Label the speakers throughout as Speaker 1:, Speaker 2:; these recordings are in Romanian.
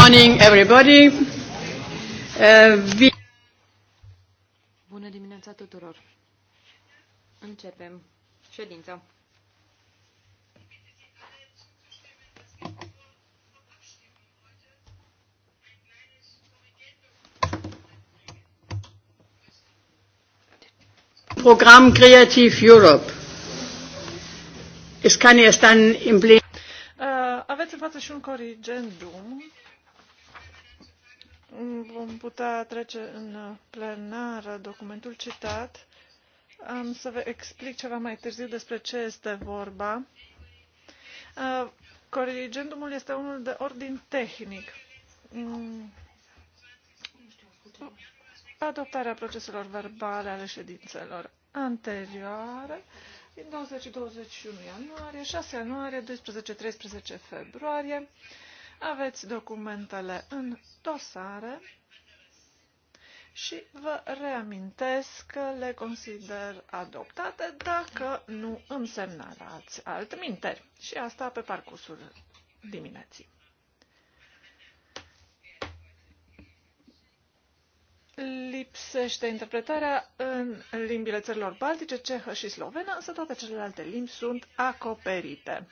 Speaker 1: morning, everybody. Uh, we...
Speaker 2: Bună dimineața tuturor. Începem ședința.
Speaker 1: Program Creative Europe. Es kann erst dann im Plenum uh, aveți în față și un corrigendum vom putea trece în plenar documentul citat. Am să vă explic ceva mai târziu despre ce este vorba. Corrigendumul este unul de ordin tehnic. Adoptarea proceselor verbale ale ședințelor anterioare din 20-21 ianuarie, 6 ianuarie, 12-13 februarie, aveți documentele în dosare și vă reamintesc că le consider adoptate dacă nu însemnalați altminteri. Și asta pe parcursul dimineții. Lipsește interpretarea în limbile țărilor baltice, cehă și slovenă, însă toate celelalte limbi sunt acoperite.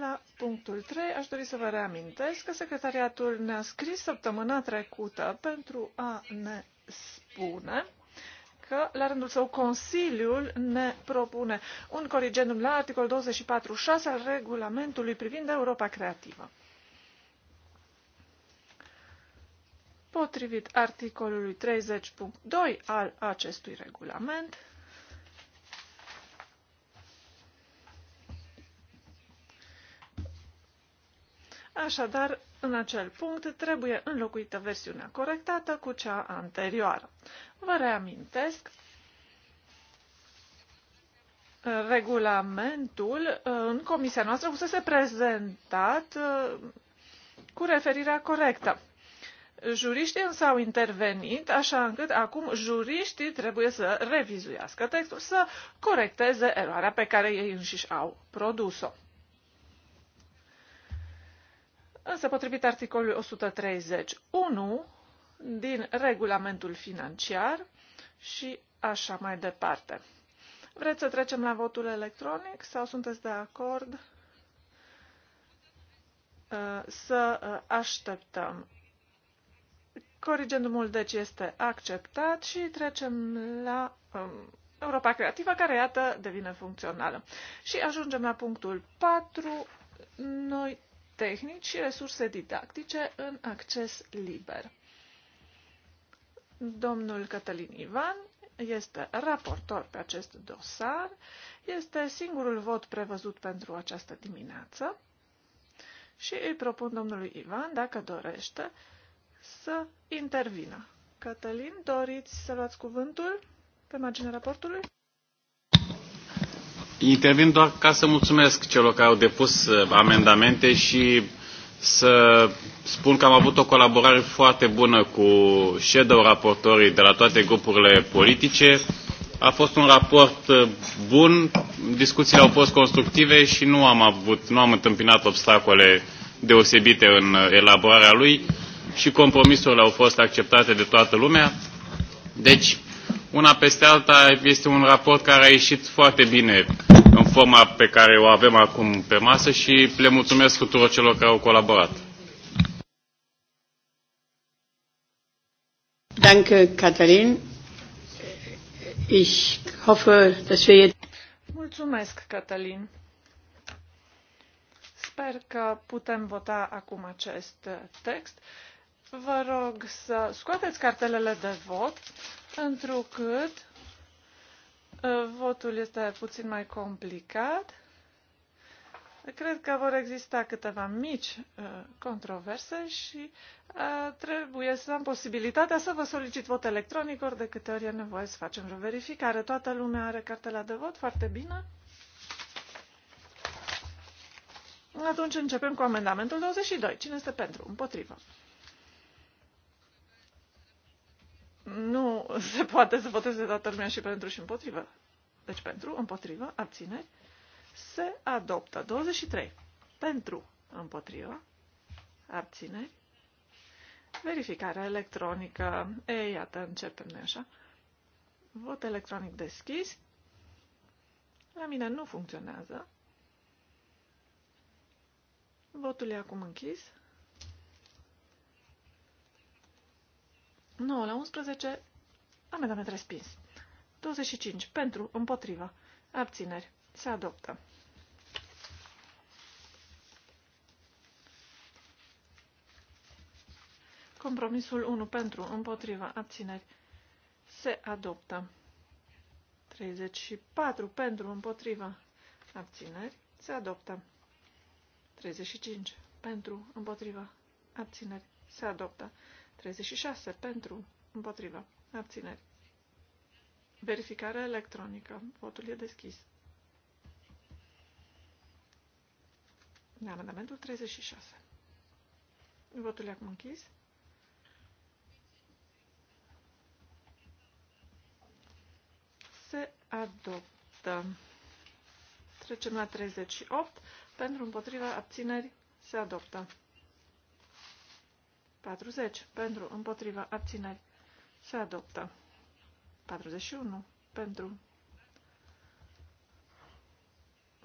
Speaker 1: La punctul 3 aș dori să vă reamintesc că secretariatul ne-a scris săptămâna trecută pentru a ne spune că, la rândul său, Consiliul ne propune un corigendum la articol 24.6 al regulamentului privind Europa Creativă. Potrivit articolului 30.2 al acestui regulament, Așadar, în acel punct trebuie înlocuită versiunea corectată cu cea anterioară. Vă reamintesc, regulamentul în comisia noastră se prezentat uh, cu referirea corectă. Juriștii însă au intervenit, așa încât acum juriștii trebuie să revizuiască textul, să corecteze eroarea pe care ei înșiși au produs-o. Însă, potrivit articolului 131 din regulamentul financiar și așa mai departe. Vreți să trecem la votul electronic sau sunteți de acord uh, să uh, așteptăm? Corigendumul deci este acceptat și trecem la um, Europa Creativă, care iată devine funcțională. Și ajungem la punctul 4. Noi tehnici și resurse didactice în acces liber. Domnul Cătălin Ivan este raportor pe acest dosar, este singurul vot prevăzut pentru această dimineață și îi propun domnului Ivan, dacă dorește, să intervină. Cătălin, doriți să luați cuvântul pe marginea raportului?
Speaker 3: Intervin doar ca să mulțumesc celor care au depus uh, amendamente și să spun că am avut o colaborare foarte bună cu shadow raportorii de la toate grupurile politice. A fost un raport uh, bun, discuțiile au fost constructive și nu am, avut, nu am întâmpinat obstacole deosebite în uh, elaborarea lui și compromisurile au fost acceptate de toată lumea. Deci, una peste alta este un raport care a ieșit foarte bine în forma pe care o avem acum pe masă și le mulțumesc tuturor celor care au colaborat. Danke, Catalin. Ich hoffe, dass wir jetzt
Speaker 1: Mulțumesc, Catalin. Sper că putem vota acum acest text. Vă rog să scoateți cartelele de vot întrucât uh, votul este puțin mai complicat. Cred că vor exista câteva mici uh, controverse și uh, trebuie să am posibilitatea să vă solicit vot electronic ori de câte ori e nevoie să facem vreo verificare. Toată lumea are cartela de vot, foarte bine. Atunci începem cu amendamentul 22. Cine este pentru? Împotrivă. nu se poate să voteze toată lumea și pentru și împotrivă. Deci pentru, împotrivă, abțineri, se adoptă. 23. Pentru, împotrivă, abțineri, verificarea electronică. Ei iată, începem noi așa. Vot electronic deschis. La mine nu funcționează. Votul e acum închis. 9 la 11, amendament respins. 25. Pentru, împotriva, abțineri, se adoptă. Compromisul 1 pentru, împotriva, abțineri, se adoptă. 34 pentru, împotriva, abțineri, se adoptă. 35 pentru, împotriva, abțineri, se adoptă. 36 pentru, împotriva, abțineri. Verificare electronică. Votul e deschis. De amendamentul 36. Votul e acum închis. Se adoptă. Trecem la 38. Pentru împotriva abțineri se adoptă. 40. Pentru, împotriva, abțineri. Se adoptă. 41. Pentru.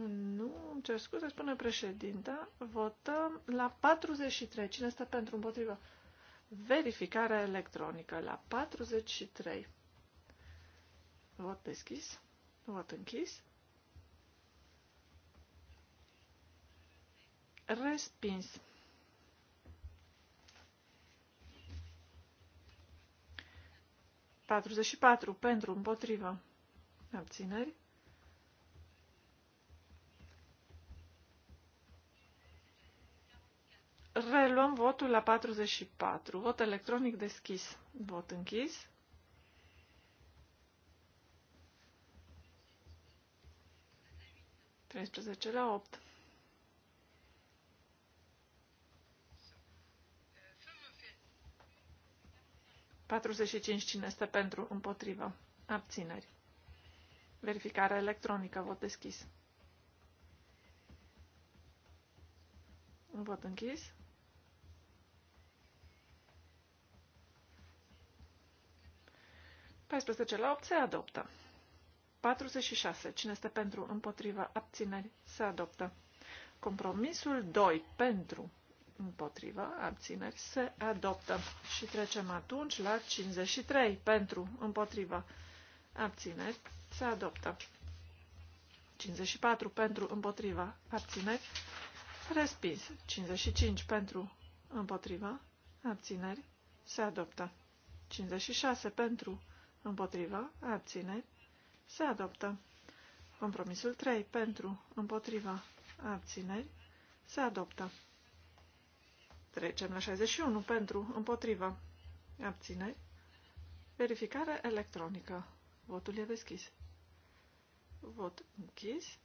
Speaker 1: Nu, îmi cer scuze, spune președinta. Votăm la 43. Cine stă pentru, împotriva? Verificare electronică la 43. Vot deschis. Vot închis. Respins. 44 pentru împotrivă abțineri. Reluăm votul la 44. Vot electronic deschis. Vot închis. Treisprezece la opt. 45. Cine este pentru? Împotrivă. Abțineri. Verificare electronică. Vot deschis. Vot închis. ce la 8 se adoptă. 46. Cine este pentru, împotriva, abțineri, se adoptă. Compromisul 2. Pentru, împotrivă, abțineri, se adoptă. Și trecem atunci la 53, pentru, împotrivă, abțineri, se adoptă. 54 pentru, împotriva, abțineri, respins. 55 pentru, împotriva, abțineri, se adoptă. 56 pentru, împotriva, abțineri, se adoptă. Compromisul 3 pentru, împotriva, abțineri, se adoptă. Trecem la 61 pentru, împotrivă, Abține. Verificare electronică. Votul e deschis. Vot închis.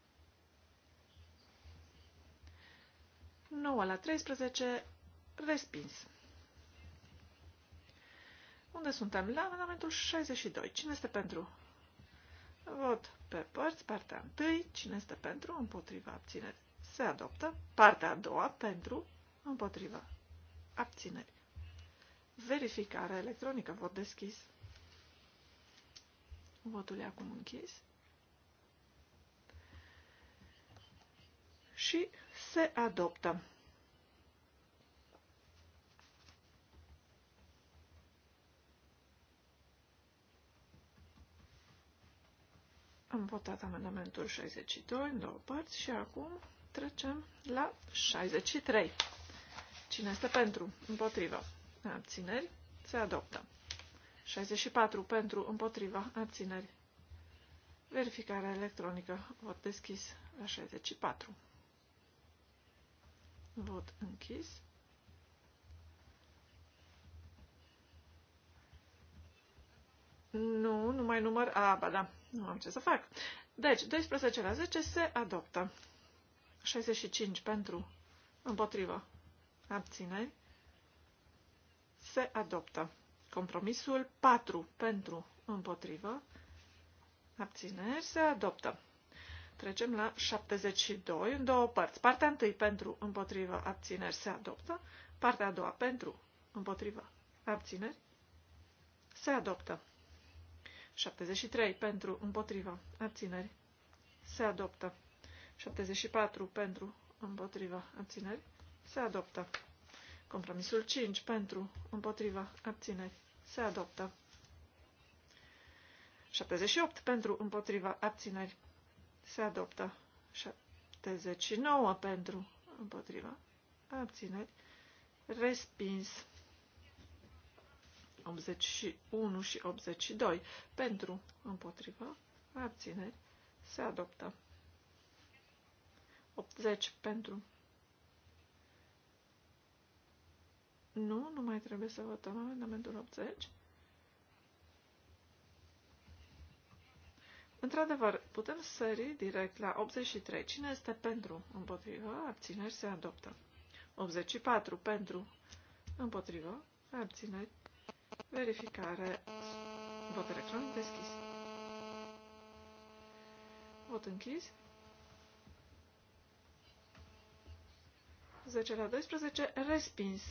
Speaker 1: 9 la 13, respins. Unde suntem? La amendamentul 62. Cine este pentru? Vot pe părți, partea 1. Cine este pentru? Împotriva Abține. Se adoptă. Partea a doua pentru, împotriva Abțineri. Verificarea electronică. Vot deschis. Votul e acum închis. Și se adoptă. Am votat amendamentul 62 în două părți și acum trecem la 63. Cine este pentru? împotriva. Abțineri. Se adoptă. 64 pentru, împotriva, abțineri. Verificarea electronică. Vot deschis la 64. Vot închis. Nu, nu mai număr. A, ba da, nu am ce să fac. Deci, 12 la 10 se adoptă. 65 pentru, împotriva, abțineri, se adoptă. Compromisul 4 pentru împotrivă, abțineri, se adoptă. Trecem la 72 în două părți. Partea 1 pentru împotrivă, abțineri, se adoptă. Partea a doua pentru împotrivă, abțineri, se adoptă. 73 pentru împotrivă, abțineri, se adoptă. 74 pentru împotrivă, abțineri, se adoptă. Compromisul 5 pentru, împotriva, abțineri. Se adoptă. 78 pentru, împotriva, abțineri. Se adoptă. 79 pentru, împotriva, abțineri. Respins. 81 și 82 pentru, împotriva, abțineri. Se adoptă. 80 pentru, Nu, nu mai trebuie să votăm amendamentul 80. Într-adevăr, putem sări direct la 83. Cine este pentru? Împotrivă. Abțineri se adoptă. 84. Pentru. Împotrivă. Abțineri. Verificare. Vot electronic deschis. Vot închis. 10 la 12. Respins.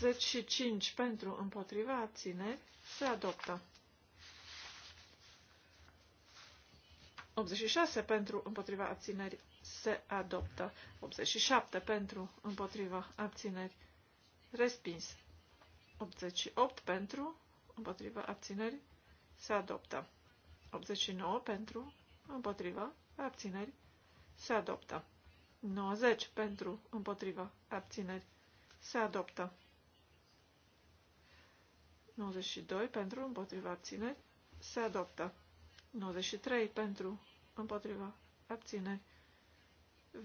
Speaker 1: 25 pentru împotriva abțineri se adoptă. 86 pentru împotriva abțineri se adoptă. 87 pentru împotriva abțineri respins. 88 pentru împotriva abțineri se adoptă. 89 pentru împotriva abțineri se adoptă. 90 pentru împotriva abțineri se adoptă. 92 pentru, împotriva abțineri, se adoptă. 93 pentru, împotriva abțineri.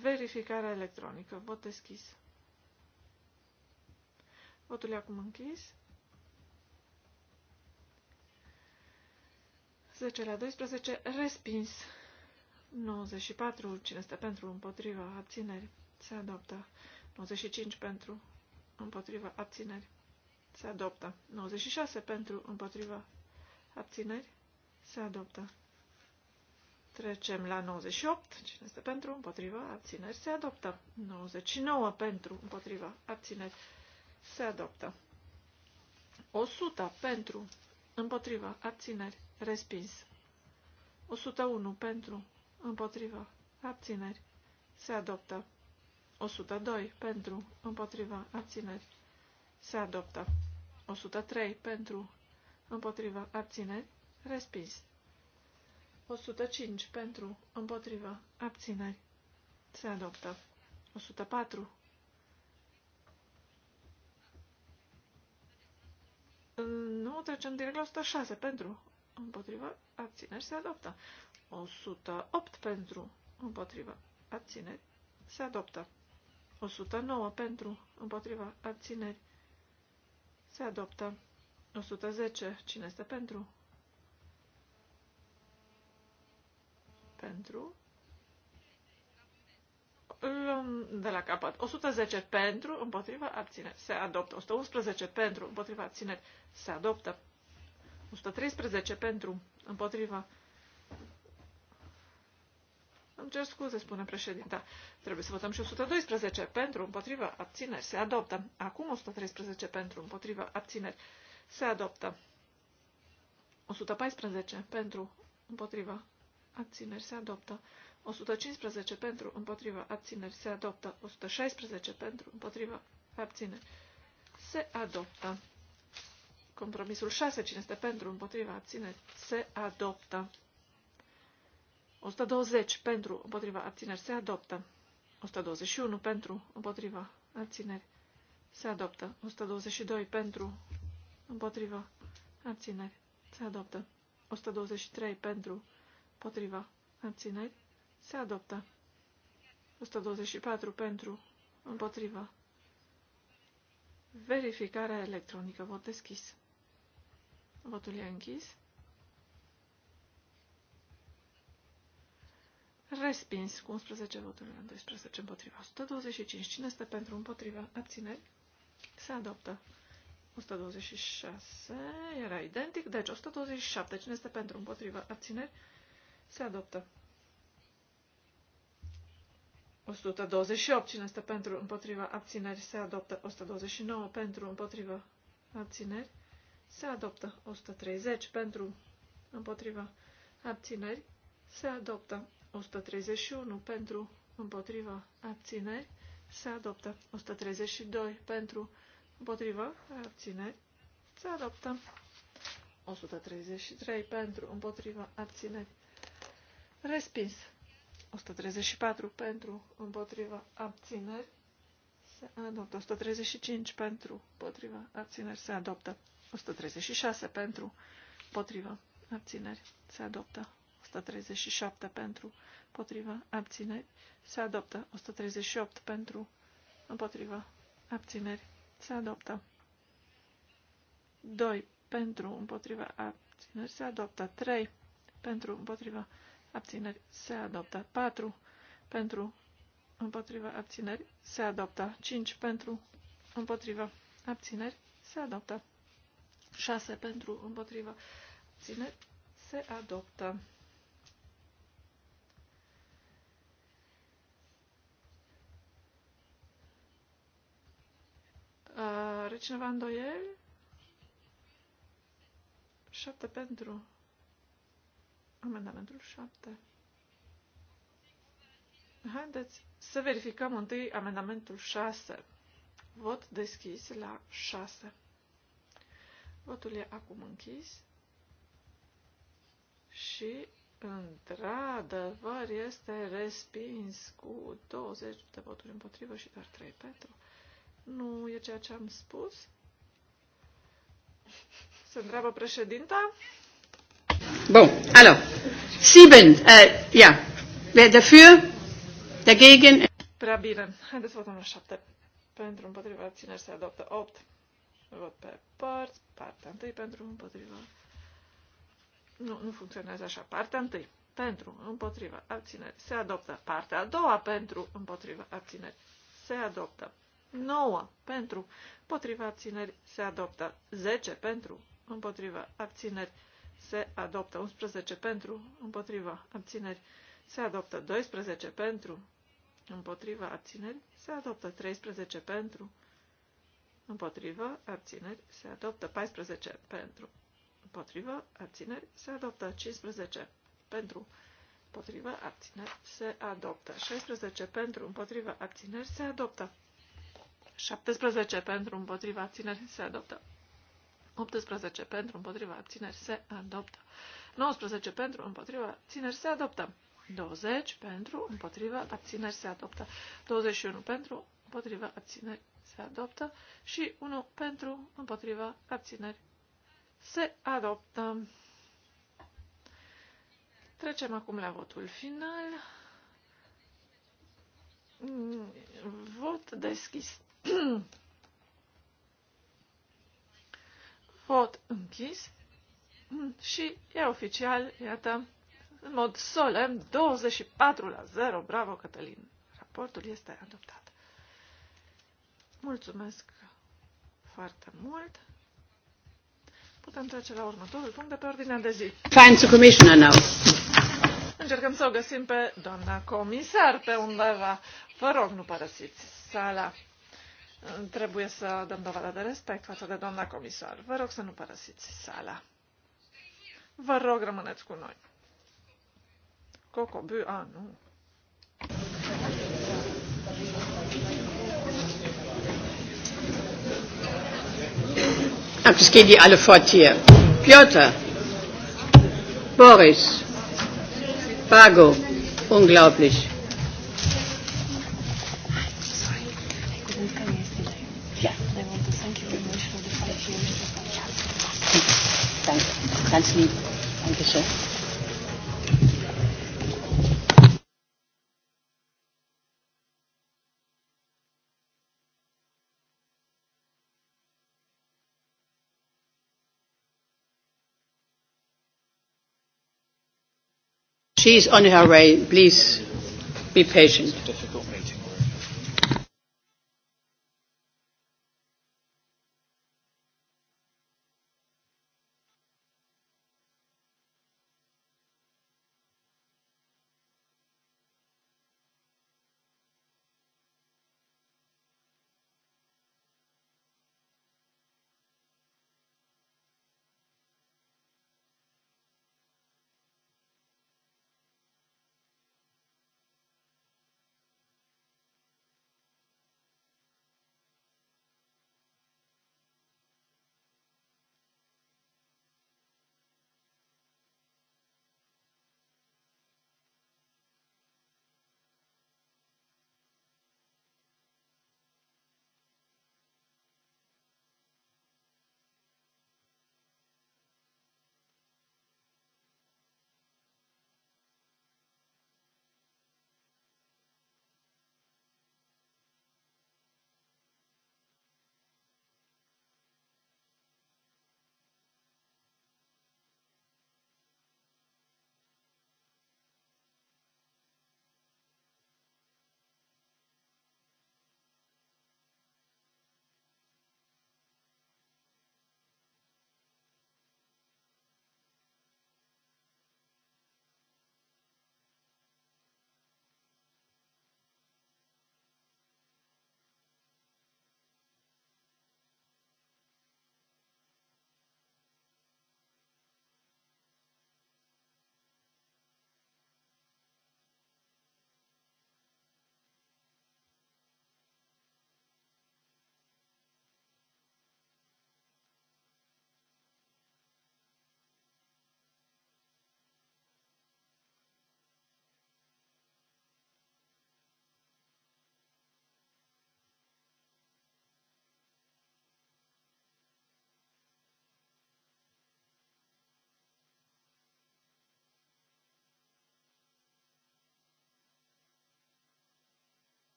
Speaker 1: Verificarea electronică. Vot deschis. Votul e acum închis. 10 la 12, respins. 94, cine este pentru, împotriva, abțineri, se adoptă. 95 pentru, împotriva, abțineri, se adoptă. 96 pentru împotriva abțineri. Se adoptă. Trecem la 98. Cine este pentru? Împotriva. Abțineri. Se adoptă. 99 pentru. Împotriva. Abțineri. Se adoptă. 100 pentru. Împotriva. Abțineri. Respins. 101 pentru. Împotriva. Abțineri. Se adoptă. 102 pentru. Împotriva. Abțineri. Se adoptă. 103 pentru împotriva abțineri respins. 105 pentru împotriva abțineri se adoptă. 104 Nu trecem direct la 106 pentru împotriva abțineri se adoptă. 108 pentru împotriva abțineri se adoptă. 109 pentru împotriva abțineri se adoptă. 110. Cine este pentru? Pentru. De la capăt. 110 pentru, împotriva, abține. Se adoptă. 111 pentru, împotriva, abține. Se adoptă. 113 pentru, împotriva, abține îmi cer scuze, spune președinta. Trebuie să votăm și 112 pentru, împotrivă, abțineri. Se adoptă. Acum 113 pentru, împotrivă, abțineri. Se adoptă. 114 pentru, împotrivă, abțineri. Se adoptă. 115 pentru, împotrivă, abțineri. Se adoptă. 116 pentru, împotrivă, abțineri. Se adoptă. Compromisul 6, cine este pentru, împotriva, abțineri, se adoptă. 120 pentru împotriva abțineri se adoptă. 121 pentru împotriva abțineri se adoptă. 122 pentru împotriva abțineri se adoptă. 123 pentru împotriva abțineri se adoptă. 124 pentru împotriva. Verificarea electronică. Vot deschis. Votul e închis. Respins cu 11 voturi la 12 împotriva. 125. Cine este pentru împotriva? Abțineri. Se adoptă. 126 era identic. Deci 127. Cine este pentru împotriva? Abțineri. Se adoptă. 128. Cine este pentru împotriva? Abțineri. Se adoptă. 129. Pentru împotriva? Abțineri. Se adoptă. 130. Pentru împotriva? Abțineri. Se adoptă. 131 pentru împotriva abțineri se adoptă. 132 pentru împotriva abțineri se adoptă. 133 pentru împotriva abțineri respins. 134 pentru împotriva abțineri se adoptă. 135 pentru împotriva abțineri se adoptă. 136 pentru împotriva abțineri se adoptă. 137 pentru, împotriva, abțineri, se adoptă. 138 pentru, împotriva, abțineri, se adoptă. 2 pentru, împotriva, abțineri, se adoptă. 3 pentru, împotriva, abțineri, se adoptă. 4 pentru, împotriva, abțineri, se adoptă. 5 pentru, împotriva, abțineri, se adoptă. 6 pentru, împotriva, abțineri, se adoptă. Are cineva îndoieli? Șapte pentru. Amendamentul șapte. Haideți să verificăm întâi amendamentul 6. Vot deschis la 6. Votul e acum închis. Și, într-adevăr, este respins cu 20 de voturi împotrivă și doar 3 pentru. Nu e ceea ce am spus? Se întreabă președinta.
Speaker 3: Bun, alo. Sieben, uh, ja. Wer dafür? Dagegen?
Speaker 1: Prea bine. Haideți votăm la șapte. Pentru împotriva țineri se adoptă opt. Vot pe părți. Partea întâi pentru împotriva. Nu, nu funcționează așa. Partea întâi pentru împotriva abțineri se adoptă. Partea a doua pentru împotriva abțineri se adoptă. 9 pentru, împotriva abțineri se adoptă 10 pentru, împotriva abțineri se adoptă 11 pentru, împotriva abțineri se adoptă 12 pentru, împotriva abțineri se adoptă 13 pentru, împotriva abțineri se adoptă 14 pentru, împotriva abțineri se adoptă 15 pentru, împotriva abțineri se adoptă 16 pentru, împotriva abțineri se adoptă 17 pentru împotriva țineri se adoptă. 18 pentru împotriva țineri se adoptă. 19 pentru împotriva țineri se adoptă. 20 pentru împotriva abțineri se adoptă. 21 pentru împotriva abțineri se adoptă. Și 1 pentru împotriva abțineri se adoptă. Trecem acum la votul final. Mm, vot deschis. Vot închis. Și e oficial, iată, în mod solemn, 24 la 0. Bravo, Cătălin! Raportul este adoptat. Mulțumesc foarte mult. Putem trece la următorul punct de pe ordinea de zi. Find commissioner now. Încercăm să o găsim pe doamna comisar pe undeva. Vă rog, nu părăsiți sala. Trebuie să dăm dovadă de respect față de doamna comisar. Vă rog să nu părăsiți sala. Vă rog, rămâneți cu noi. Cocobu, a, nu. Am să geht die alle fort Piotr,
Speaker 2: Boris, Pago, unglaublich. Ganz lieb. Dankeschön. is on her way. Please be patient.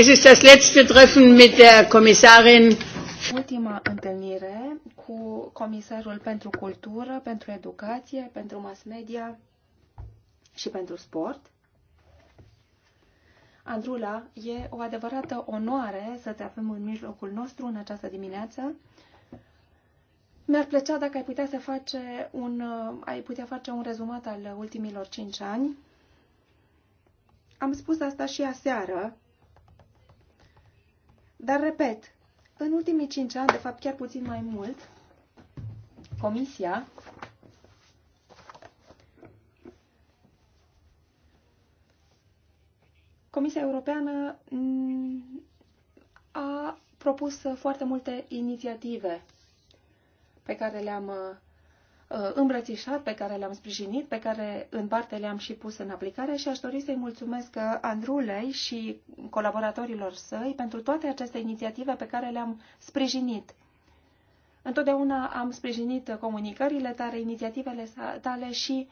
Speaker 1: Es ist das
Speaker 3: letzte Treffen mit der Kommissarin. Ultima întâlnire cu comisarul pentru cultură, pentru educație, pentru mass media și pentru sport. Andrula, e o adevărată onoare să te aflăm în mijlocul nostru în această dimineață. Mi-ar plăcea dacă ai putea să face un, uh, ai putea face un rezumat al ultimilor cinci ani. Am spus asta și aseară, dar, repet, în ultimii cinci ani, de fapt chiar puțin mai mult, Comisia Comisia Europeană a propus foarte multe inițiative pe care le-am Uh, îmbrățișat, pe care le-am sprijinit, pe care în parte le-am și pus în aplicare și aș dori să-i mulțumesc uh, Andrulei și colaboratorilor săi pentru toate aceste inițiative pe care le-am sprijinit. Întotdeauna am sprijinit comunicările tale, inițiativele tale și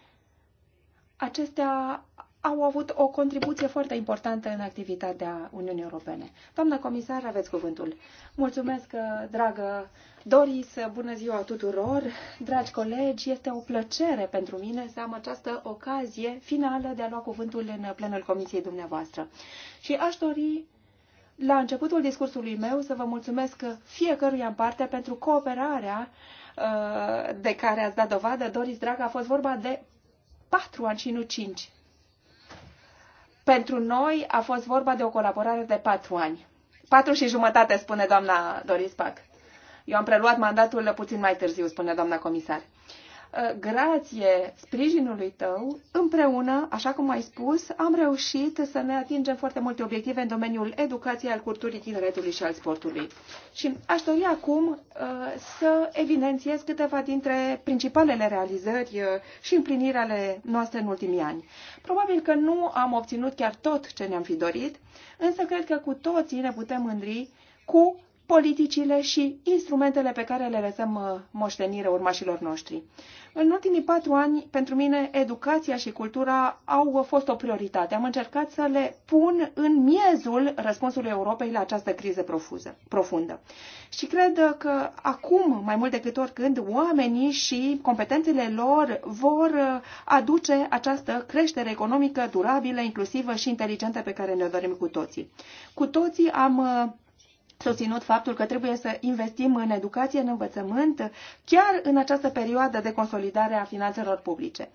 Speaker 3: acestea au avut o contribuție foarte importantă în activitatea Uniunii Europene. Doamna comisar, aveți cuvântul. Mulțumesc, dragă Doris, bună ziua tuturor, dragi colegi, este o plăcere pentru mine să am această ocazie finală de a lua cuvântul în plenul comisiei dumneavoastră. Și aș dori la începutul discursului meu să vă mulțumesc fiecăruia în parte pentru cooperarea uh, de care ați dat dovadă. Doris, dragă, a fost vorba de patru ani și nu cinci pentru noi a fost vorba de o colaborare de patru ani. Patru și jumătate, spune doamna Doris Pac. Eu am preluat mandatul puțin mai târziu, spune doamna comisar. Uh, Ă, grație sprijinului tău, împreună, așa cum ai spus, am reușit să ne atingem foarte multe obiective în domeniul educației, al culturii, tineretului și al sportului. Și aș dori acum ă, să evidențiez câteva dintre principalele realizări ă, și împlinirea ale noastre în ultimii ani. Probabil că nu am obținut chiar tot ce ne-am fi dorit, însă cred că cu toții ne putem mândri cu politicile și instrumentele pe care le lăsăm uh, moștenire urmașilor noștri. În ultimii patru ani, pentru mine, educația și cultura au uh, fost o prioritate. Am încercat să le pun în miezul răspunsului Europei la această criză profuză, profundă. Și cred uh, că acum, mai mult decât oricând, oamenii și competențele lor vor aduce această creștere economică durabilă, inclusivă și inteligentă pe care ne-o dorim cu toții. Cu toții am susținut faptul că trebuie să investim în educație, în învățământ, chiar în această perioadă de consolidare a finanțelor publice.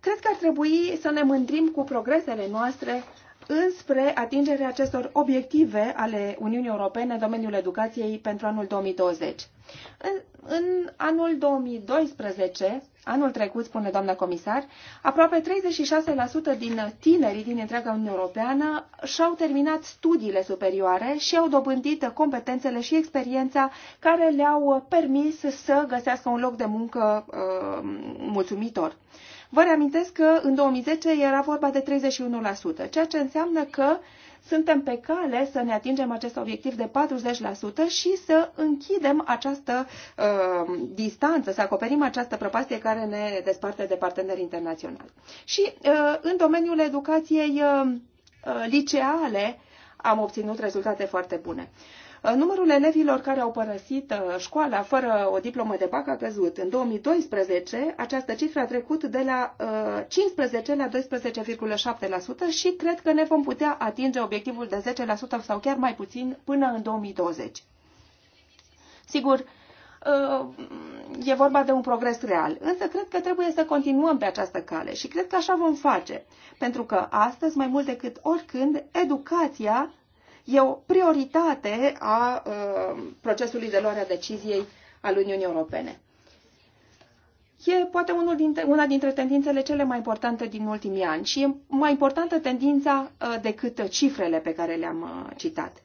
Speaker 3: Cred că ar trebui să ne mândrim cu progresele noastre înspre atingerea acestor obiective ale Uniunii Europene în domeniul educației pentru anul 2020. În, în anul 2012, anul trecut, spune doamna comisar, aproape 36% din tinerii din întreaga Uniune Europeană și-au terminat studiile superioare și au dobândit competențele și experiența care le-au permis să găsească un loc de muncă uh, mulțumitor. Uh, Vă reamintesc că în 2010 era vorba de 31%, ceea ce înseamnă că suntem pe cale să ne atingem acest obiectiv de 40% și să închidem această uh, distanță, să acoperim această prăpastie care ne desparte de parteneri internaționali. Și uh, în domeniul educației uh, uh liceale am obținut rezultate foarte bune. Uh, Numărul elevilor care au părăsit uh, școala fără o diplomă de bac a căzut. În 2012, această cifră a trecut de la 15 uh, la 12,7% și cred că ne vom putea atinge obiectivul de 10% sau chiar mai puțin până în 2020. Sigur, uh, e vorba de un progres real. Însă cred că trebuie să continuăm pe această cale și cred că așa vom face. Pentru că astăzi, mai mult decât oricând, educația e o prioritate a uh, procesului de luare a deciziei al Uniunii Europene. E poate unul dintre, una dintre tendințele cele mai importante din ultimii ani și e mai importantă tendința uh, decât cifrele pe care le-am uh, citat.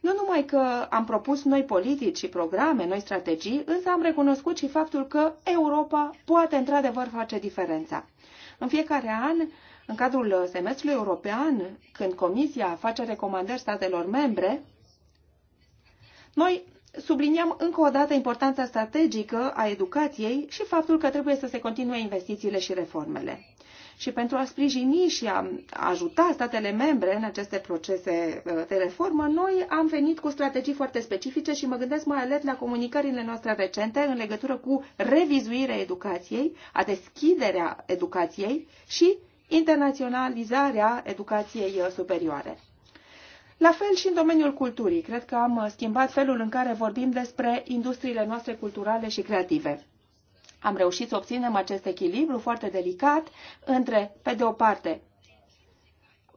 Speaker 3: Nu numai că am propus noi politici și programe, noi strategii, însă am recunoscut și faptul că Europa poate într-adevăr face diferența. În fiecare an în cadrul semestrului european, când Comisia face recomandări statelor membre, noi subliniem încă o dată importanța strategică a educației și faptul că trebuie să se continue investițiile și reformele. Și pentru a sprijini și a ajuta statele membre în aceste procese uh, de reformă, noi am venit cu strategii foarte specifice și mă gândesc mai ales la comunicările noastre recente în legătură cu revizuirea educației, a deschiderea educației și internaționalizarea educației uh, superioare. La fel și în domeniul culturii, cred că am uh, schimbat felul în care vorbim despre industriile noastre culturale și creative. Am reușit să obținem acest echilibru foarte delicat între, pe de o parte,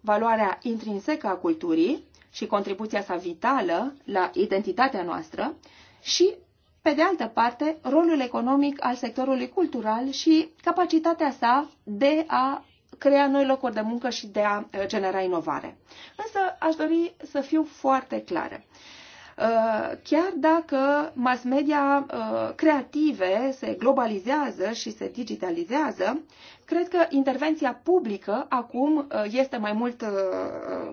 Speaker 3: valoarea intrinsecă a culturii și contribuția sa vitală la identitatea noastră și, pe de altă parte, rolul economic al sectorului cultural și capacitatea sa de a crea noi locuri de muncă și de a uh, genera inovare. Însă aș dori să fiu foarte clară. Uh, chiar dacă mass media uh, creative se globalizează și se digitalizează, cred că intervenția publică acum este mai mult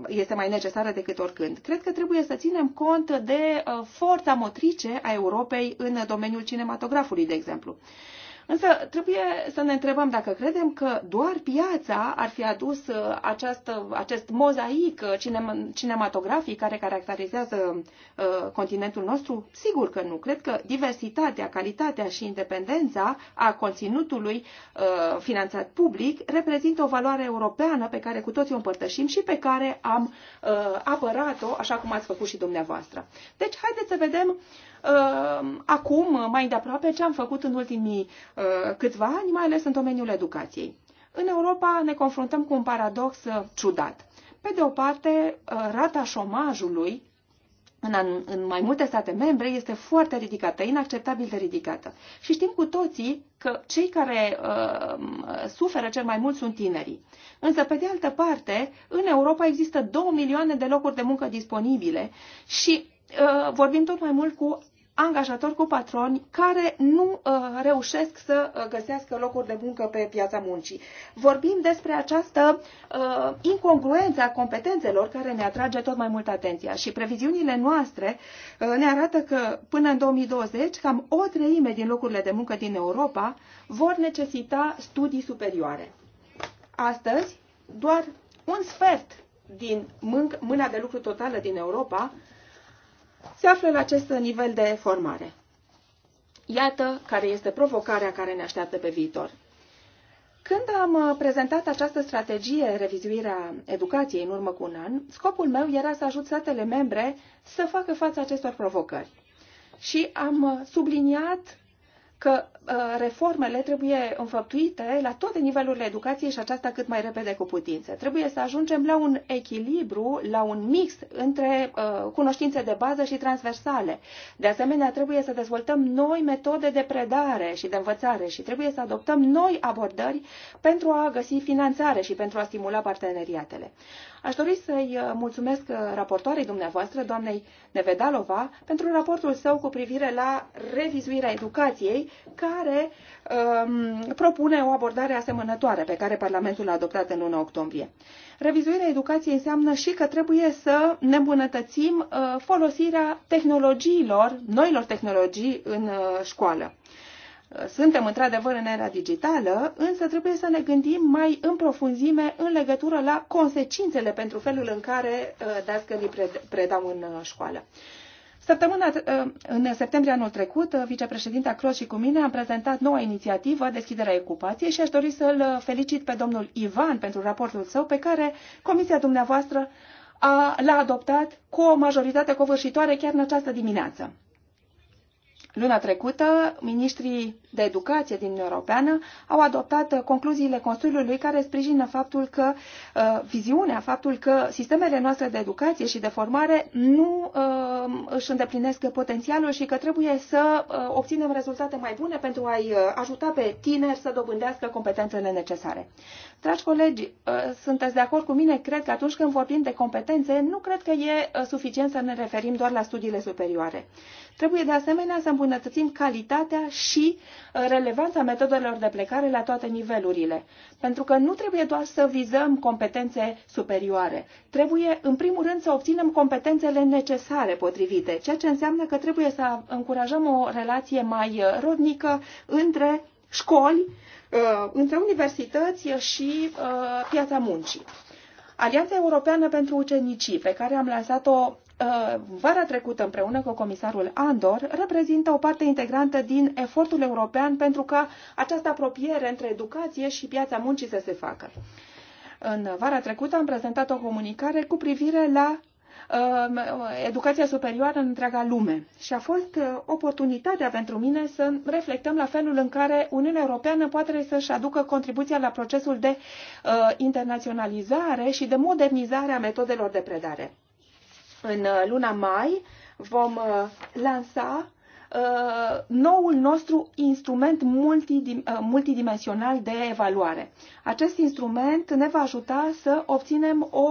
Speaker 3: este mai necesară decât oricând. Cred că trebuie să ținem cont de forța motrice a Europei în domeniul cinematografului, de exemplu. Însă trebuie să ne întrebăm dacă credem că doar piața ar fi adus uh, această, acest mozaic uh, cinematografic care caracterizează uh, continentul nostru. Sigur că nu. Cred că diversitatea, calitatea și independența a conținutului finanțat public reprezintă o valoare europeană pe care cu toții o împărtășim și pe care am apărat-o, așa cum ați făcut și dumneavoastră. Deci, haideți să vedem uh, Ehm, acum, mai de aproape, ce am făcut în ultimii eh, câțiva ani, mai ales în domeniul educației. În Europa ne confruntăm cu un paradox eh, ciudat. Pe de o parte, eh, rata șomajului în, în mai multe state membre este foarte ridicată, inacceptabil de ridicată. Și știm cu toții că cei care uh, suferă cel mai mult sunt tinerii. Însă, pe de altă parte, în Europa există 2 milioane de locuri de muncă disponibile și uh, vorbim tot mai mult cu angajatori cu patroni care nu uh, reușesc să uh, găsească locuri de muncă pe piața muncii. Vorbim despre această uh, incongruență a competențelor care ne atrage tot mai mult atenția și previziunile noastre uh, ne arată că până în 2020 cam o treime din locurile de muncă din Europa vor necesita studii superioare. Astăzi, doar un sfert din mâna de lucru totală din Europa se află la acest nivel de formare. Iată care este provocarea care ne așteaptă pe viitor. Când am uh, prezentat această strategie, revizuirea educației în urmă cu un an, scopul meu era să ajut statele membre să facă față acestor provocări. Și am uh, subliniat că Uh, reformele trebuie înfăptuite la toate nivelurile educației și aceasta cât mai repede cu putință. Trebuie să ajungem la un echilibru, la un mix între uh, cunoștințe de bază și transversale. De asemenea, trebuie să dezvoltăm noi metode de predare și de învățare și trebuie să adoptăm noi abordări pentru a găsi finanțare și pentru a stimula parteneriatele. Aș dori să-i uh, mulțumesc uh, raportoarei dumneavoastră, doamnei Nevedalova, pentru raportul său cu privire la revizuirea educației, care um, propune o abordare asemănătoare pe care Parlamentul a adoptat în luna octombrie. Revizuirea educației înseamnă și că trebuie să ne îmbunătățim uh, folosirea tehnologiilor, noilor tehnologii în școală. Suntem într-adevăr în era digitală, însă trebuie să ne gândim mai în profunzime în legătură la consecințele pentru felul în care uh, dascălii predau în uh, școală. Săptămâna, uh, în septembrie anul trecut, vicepreședinta Croș și cu mine am prezentat noua inițiativă Deschiderea ecupației, și aș dori să-l felicit pe domnul Ivan pentru raportul său pe care comisia dumneavoastră l-a adoptat cu o majoritate covârșitoare chiar în această dimineață. Luna trecută, ministrii de educație din Europeană au adoptat uh, concluziile Consiliului care sprijină faptul că uh, viziunea, faptul că sistemele noastre de educație și de formare nu uh, își îndeplinesc potențialul și că trebuie să obținem rezultate mai bune pentru a-i ajuta pe tineri să dobândească competențele necesare. Dragi colegi, sunteți de acord cu mine? Cred că atunci când vorbim de competențe, nu cred că e suficient să ne referim doar la studiile superioare. Trebuie de asemenea să îmbunătățim calitatea și uh, relevanța metodelor de plecare la toate nivelurile, pentru că nu trebuie doar să vizăm competențe superioare. Trebuie, în primul rând, să obținem competențele necesare potrivite, ceea ce înseamnă că trebuie să încurajăm o relație mai uh, rodnică între școli, uh, între universități și piața muncii. Alianța Europeană pentru Ucenicii, pe care am lansat-o Uh, vara trecută împreună cu comisarul Andor reprezintă o parte integrantă din efortul european pentru ca această apropiere între educație și piața muncii să se facă. În vara trecută am prezentat o comunicare cu privire la uh, educația superioară în întreaga lume. Și a fost uh, oportunitatea pentru mine să reflectăm la felul în care Uniunea Europeană poate să-și aducă contribuția la procesul de internaționalizare și de modernizare a metodelor de predare. În uh, luna mai vom uh, lansa uh, noul nostru instrument multidimensional de evaluare. Acest instrument ne va ajuta să obținem o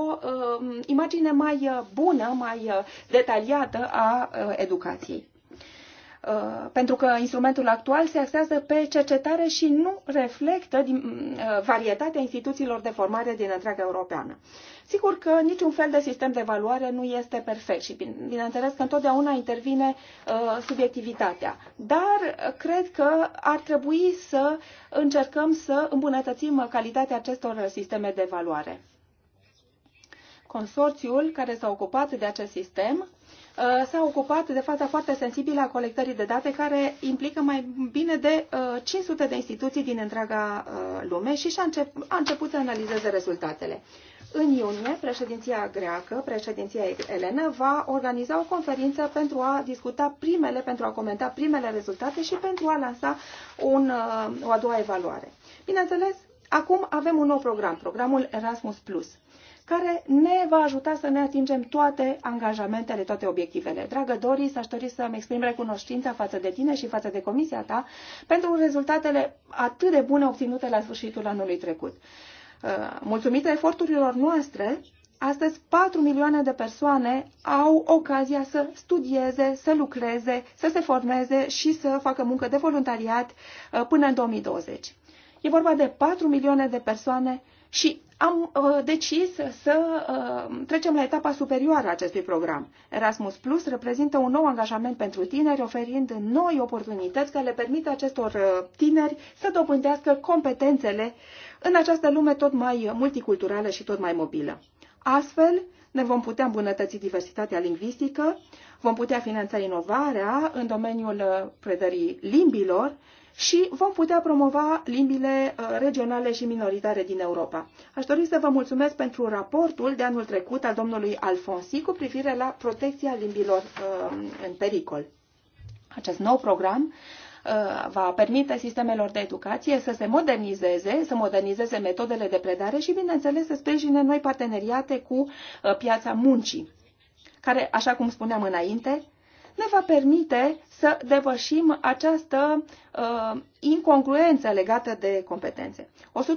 Speaker 3: imagine mai bună, mai detaliată a educației. Uh, pentru că instrumentul actual se axează pe cercetare și nu reflectă uh, varietatea instituțiilor de formare din întreaga europeană. Sigur că niciun fel de sistem de evaluare nu este perfect și bineînțeles că întotdeauna intervine uh, subiectivitatea, dar cred că ar trebui să încercăm să îmbunătățim calitatea acestor sisteme de evaluare. Consorțiul care s-a ocupat de acest sistem Uh, s-a ocupat de faza foarte sensibilă a colectării de date care implică mai bine de 500 uh, de instituții din întreaga uh, lume și a început, a început să analizeze rezultatele. În iunie, președinția greacă, președinția Elena va organiza o conferință pentru a discuta primele, pentru a comenta primele rezultate și pentru a lansa un, o a doua evaluare. Bineînțeles, acum avem un nou program, programul Erasmus+ care ne va ajuta să ne atingem toate angajamentele, toate obiectivele. Dragă Doris, aș dori să-mi exprim recunoștința față de tine și față de comisia ta pentru rezultatele atât de bune obținute la sfârșitul anului trecut. Uh, mulțumită eforturilor noastre, Astăzi, 4 milioane de persoane au ocazia să studieze, să lucreze, să se formeze și să facă muncă de voluntariat uh, până în 2020. E vorba de 4 milioane de persoane și am uh, decis să uh, trecem la etapa superioară a acestui program. Erasmus Plus reprezintă un nou angajament pentru tineri, oferind noi oportunități care le permit acestor uh, tineri să dobândească competențele în această lume tot mai multiculturală și tot mai mobilă. Astfel, ne vom putea îmbunătăți diversitatea lingvistică, vom putea finanța inovarea în domeniul uh, predării limbilor și vom putea promova limbile uh, regionale și minoritare din Europa. Aș dori să vă mulțumesc pentru raportul de anul trecut al domnului Alfonsi cu privire la protecția limbilor uh, în pericol. Acest nou program uh, va permite sistemelor de educație să se modernizeze, să modernizeze metodele de predare și, bineînțeles, să sprijine noi parteneriate cu piața muncii, care, așa cum spuneam înainte, ne va permite să depășim această uh, incongruență legată de competențe. 125.000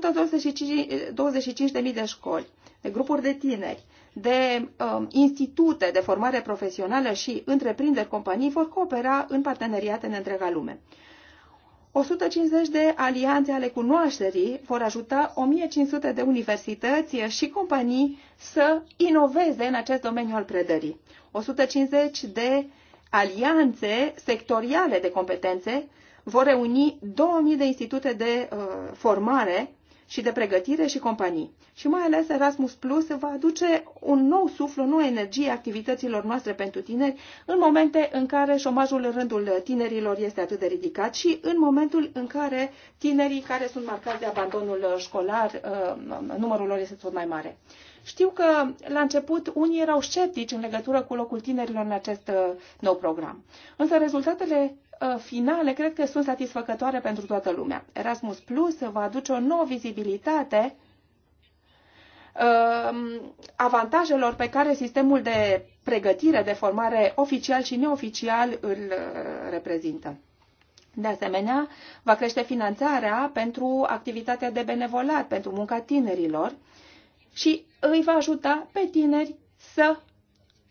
Speaker 3: de școli, de grupuri de tineri, de uh, institute de formare profesională și întreprinderi companii vor coopera în parteneriate în întreaga lume. 150 de alianțe ale cunoașterii vor ajuta 1500 de universități și companii să inoveze în acest domeniu al predării. 150 de alianțe sectoriale de competențe vor reuni 2000 de institute de uh, formare și de pregătire și companii. Și mai ales Erasmus Plus va aduce un nou suflu, o nouă energie activităților noastre pentru tineri în momente în care șomajul în rândul tinerilor este atât de ridicat și în momentul în care tinerii care sunt marcați de abandonul școlar, uh, numărul lor este tot mai mare. Știu că la început unii erau sceptici în legătură cu locul tinerilor în acest uh, nou program. Însă rezultatele uh, finale cred că sunt satisfăcătoare pentru toată lumea. Erasmus Plus va aduce o nouă vizibilitate uh, avantajelor pe care sistemul de pregătire, de formare oficial și neoficial îl reprezintă. De asemenea, va crește finanțarea pentru activitatea de benevolat, pentru munca tinerilor și îi va ajuta pe tineri să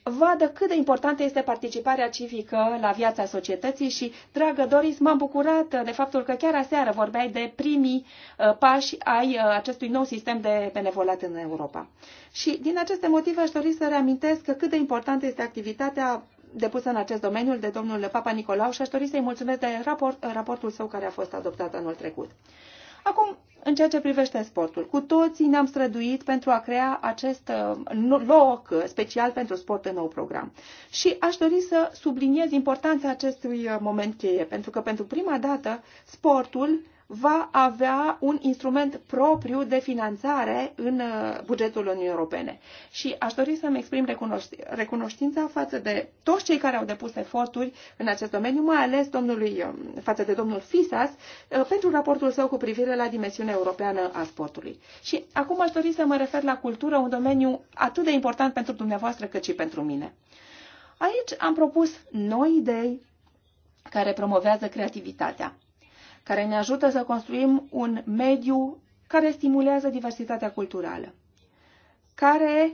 Speaker 3: vadă cât de importantă este participarea civică la viața societății și, dragă Doris, m-am bucurat de faptul că chiar aseară vorbeai de primii uh, pași ai uh, acestui nou sistem de benevolat în Europa. Și din aceste motive aș dori să reamintesc cât de importantă este activitatea depusă în acest domeniu de domnul Papa Nicolau și aș dori să-i mulțumesc de raport, raportul său care a fost adoptat anul trecut. Acum, în ceea ce privește sportul, cu toții ne-am străduit pentru a crea acest uh, loc special pentru sport în nou program. Și aș dori să subliniez importanța acestui uh, moment cheie, pentru că pentru prima dată sportul va avea un instrument propriu de finanțare în uh, bugetul Uniunii Europene. Și aș dori să-mi exprim recunoștința față de toți cei care au depus eforturi în acest domeniu, mai ales domnului, um, față de domnul Fisas, uh, pentru raportul său cu privire la dimensiunea europeană a sportului. Și acum aș dori să mă refer la cultură, un domeniu atât de important pentru dumneavoastră cât și pentru mine. Aici am propus noi idei care promovează creativitatea care ne ajută să construim un mediu care stimulează diversitatea culturală, care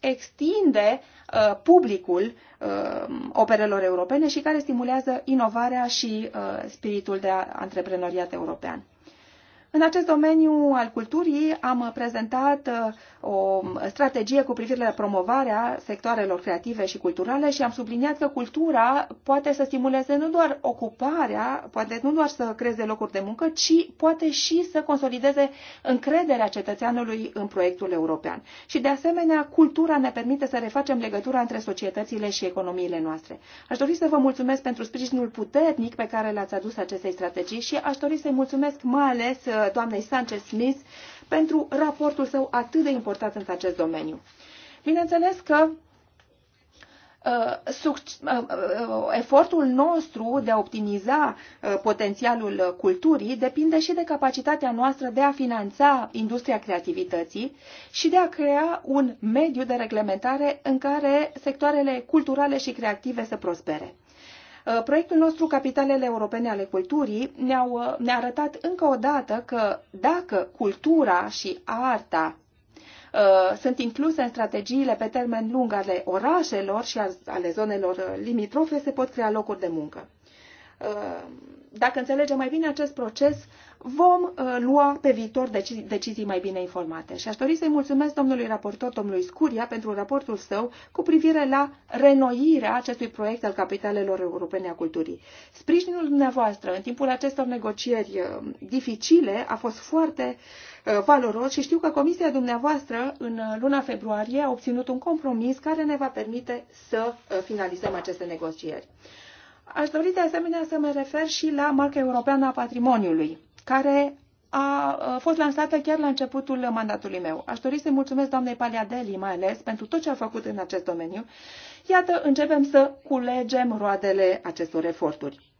Speaker 3: extinde uh, publicul uh, operelor europene și care stimulează inovarea și uh, spiritul de antreprenoriat european. În acest domeniu al culturii am prezentat uh, o strategie cu privire la promovarea sectoarelor creative și culturale și am subliniat că cultura poate să stimuleze nu doar ocuparea, poate nu doar să creeze locuri de muncă, ci poate și să consolideze încrederea cetățeanului în proiectul european. Și de asemenea, cultura ne permite să refacem legătura între societățile și economiile noastre. Aș dori să vă mulțumesc pentru sprijinul puternic pe care l-ați adus acestei strategii și aș dori să-i mulțumesc mai ales uh, doamnei Sanchez-Smith pentru raportul său atât de important în acest domeniu. Bineînțeles că uh, uh, uh, efortul nostru de a optimiza potențialul culturii depinde și de capacitatea noastră de a finanța industria creativității și de a crea un mediu de reglementare în care sectoarele culturale și creative să prospere. Uh, proiectul nostru Capitalele Europene ale Culturii uh, ne-a ne arătat încă o dată că dacă cultura și arta uh, sunt incluse în strategiile pe termen lung ale orașelor și ale zonelor limitrofe, se pot crea locuri de muncă. Dacă înțelegem mai bine acest proces, vom uh, lua pe viitor decizii, decizii mai bine informate. Și aș dori să-i mulțumesc domnului raportor, domnului Scuria, pentru raportul său cu privire la renoirea acestui proiect al capitalelor europene a culturii. Sprijinul dumneavoastră în timpul acestor negocieri uh, dificile a fost foarte uh, valoros și știu că comisia dumneavoastră în luna februarie a obținut un compromis care ne va permite să finalizăm aceste negocieri. Aș dori de asemenea să mă refer și la marca europeană a patrimoniului care a fost lansată chiar la începutul mandatului meu. Aș dori să-i mulțumesc doamnei Paliadeli, mai ales, pentru tot ce a făcut în acest domeniu. Iată, începem să culegem roadele acestor eforturi.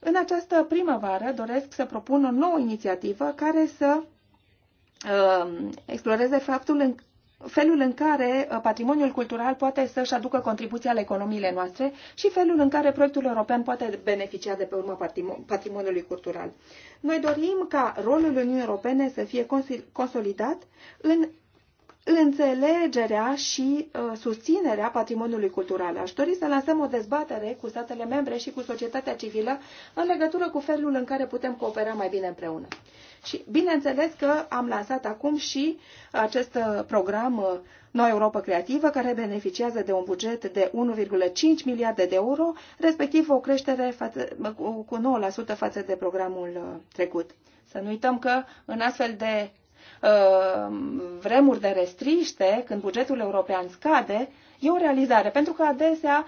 Speaker 3: În această primăvară doresc să propun o nouă inițiativă care să um, exploreze faptul felul în care uh, patrimoniul cultural poate să-și aducă contribuția la economiile noastre și felul în care proiectul european poate beneficia de pe urma patrimoniului cultural. Noi dorim ca rolul Uniunii Europene să fie consolidat în înțelegerea și uh, susținerea patrimoniului cultural. Aș dori să lansăm o dezbatere cu statele membre și cu societatea civilă în legătură cu felul în care putem coopera mai bine împreună. Și bineînțeles că am lansat acum și acest uh, program uh, Noua Europa Creativă, care beneficiază de un buget de 1,5 miliarde de euro, respectiv o creștere față, cu 9% față de programul uh, trecut. Să nu uităm că în astfel de Uh, vremuri de restriște, când bugetul european scade, E o realizare, pentru că adesea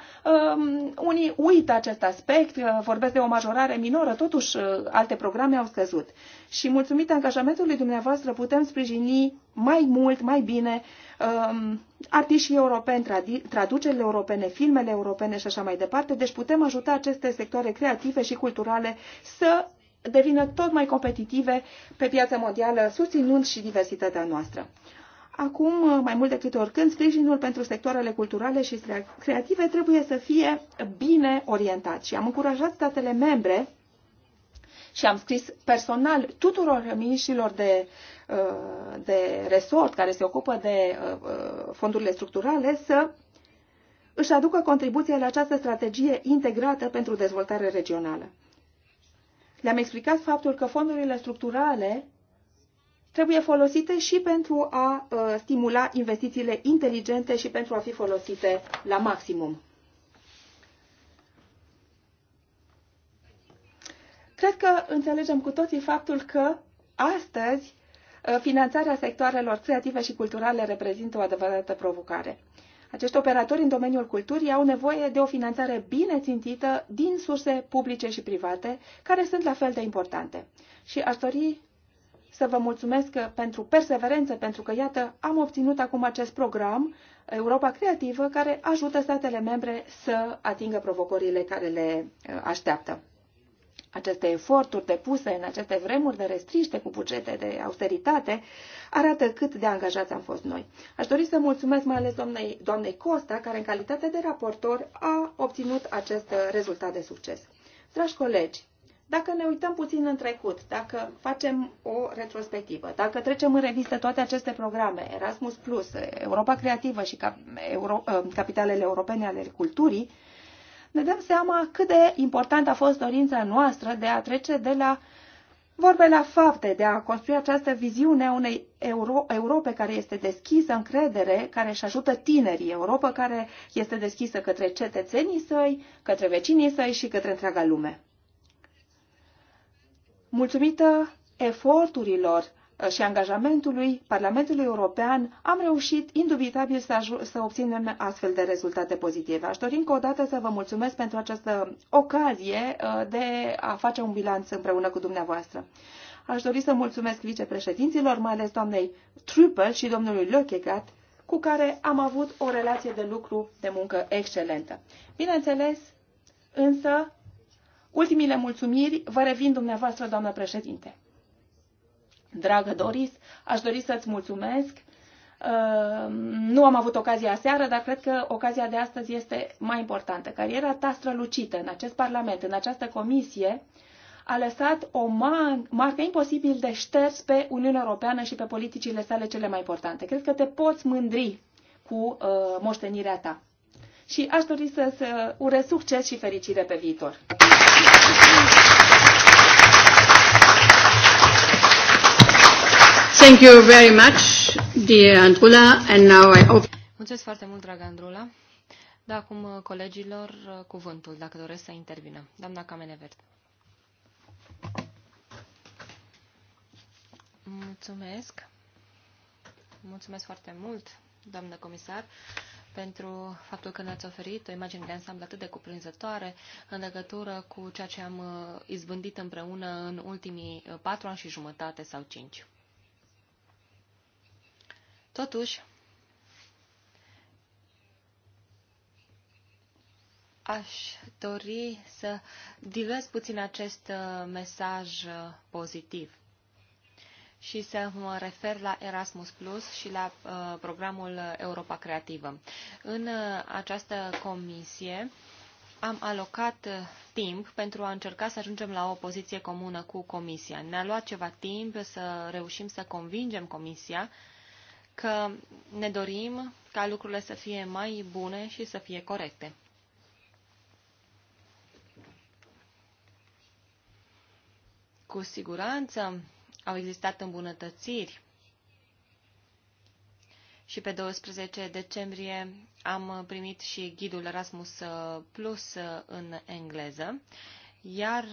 Speaker 3: um, unii uită acest aspect, uh, vorbesc de o majorare minoră, totuși uh, alte programe au scăzut. Și mulțumită angajamentului dumneavoastră putem sprijini mai mult, mai bine artișii um, artiștii europeni, traducerile europene, filmele europene și așa mai departe. Deci putem ajuta aceste sectoare creative și culturale să devină tot mai competitive pe piața mondială, susținând și diversitatea noastră. Acum, mai mult decât oricând, sprijinul pentru sectoarele culturale și creative trebuie să fie bine orientat și am încurajat statele membre și am scris personal tuturor miniștrilor de, uh, de resort care se ocupă de uh, uh, fondurile structurale să își aducă contribuția la această strategie integrată pentru dezvoltare regională. Le-am explicat faptul că fondurile structurale trebuie folosite și pentru a uh, stimula investițiile inteligente și pentru a fi folosite la maximum. Cred că înțelegem cu toții faptul că astăzi uh, finanțarea sectoarelor creative și culturale reprezintă o adevărată provocare. Acești operatori în domeniul culturii au nevoie de o finanțare bine țintită din surse publice și private, care sunt la fel de importante. Și aș dori să vă mulțumesc pentru perseverență, pentru că, iată, am obținut acum acest program, Europa Creativă, care ajută statele membre să atingă provocările care le uh, așteaptă aceste eforturi depuse în aceste vremuri de restriște cu bugete de austeritate arată cât de angajați am fost noi. Aș dori să mulțumesc mai ales doamnei, doamnei Costa, care în calitate de raportor a obținut acest rezultat de succes. Dragi colegi, dacă ne uităm puțin în trecut, dacă facem o retrospectivă, dacă trecem în revistă toate aceste programe, Erasmus+, Europa Creativă și ă, Capitalele Europene ale Culturii, ne dăm seama cât de importantă a fost dorința noastră de a trece de la vorbe la fapte, de a construi această viziune a unei Euro- Europe care este deschisă în credere, care își ajută tinerii, Europa care este deschisă către cetățenii săi, către vecinii săi și către întreaga lume. Mulțumită eforturilor și angajamentului Parlamentului European, am reușit indubitabil să, să obținem astfel de rezultate pozitive. Aș dori încă o dată să vă mulțumesc pentru această ocazie uh, de a face un bilanț împreună cu dumneavoastră. Aș dori să mulțumesc vicepreședinților, mai ales doamnei Trupel și domnului Lochegat, cu care am avut o relație de lucru, de muncă excelentă. Bineînțeles, însă, ultimile mulțumiri vă revin dumneavoastră, doamnă președinte. Dragă Doris, aș dori să-ți mulțumesc. Uh, nu am avut ocazia aseară, dar cred că ocazia de astăzi este mai importantă. Cariera ta strălucită în acest Parlament, în această comisie, a lăsat o marcă imposibil de șters pe Uniunea Europeană și pe politicile sale cele mai importante. Cred că te poți mândri cu uh, moștenirea ta. Și aș dori să-ți uh, urez succes și fericire pe viitor.
Speaker 1: Thank you very much, dear Andrula, and now I open...
Speaker 2: Mulțumesc foarte mult, dragă Andrula. Da, acum uh, colegilor uh, cuvântul, dacă doresc să intervină. Doamna Camenevert. Mulțumesc. Mulțumesc foarte mult, doamnă comisar, pentru faptul că ne-ați oferit o imagine de ansamblu atât de cuprinzătoare în legătură cu ceea ce am uh, izbândit împreună în ultimii patru ani și jumătate sau cinci. Totuși, aș dori să diluez puțin acest uh, mesaj uh, pozitiv și să mă refer la Erasmus Plus și la uh, programul Europa Creativă. În uh, această comisie am alocat uh, timp pentru a încerca să ajungem la o poziție comună cu comisia. Ne-a luat ceva timp să reușim să convingem comisia uh, că ne dorim ca lucrurile să fie mai bune și să fie corecte. Cu siguranță au existat îmbunătățiri și pe 12 decembrie am primit și ghidul Erasmus uh, Plus uh, în engleză, iar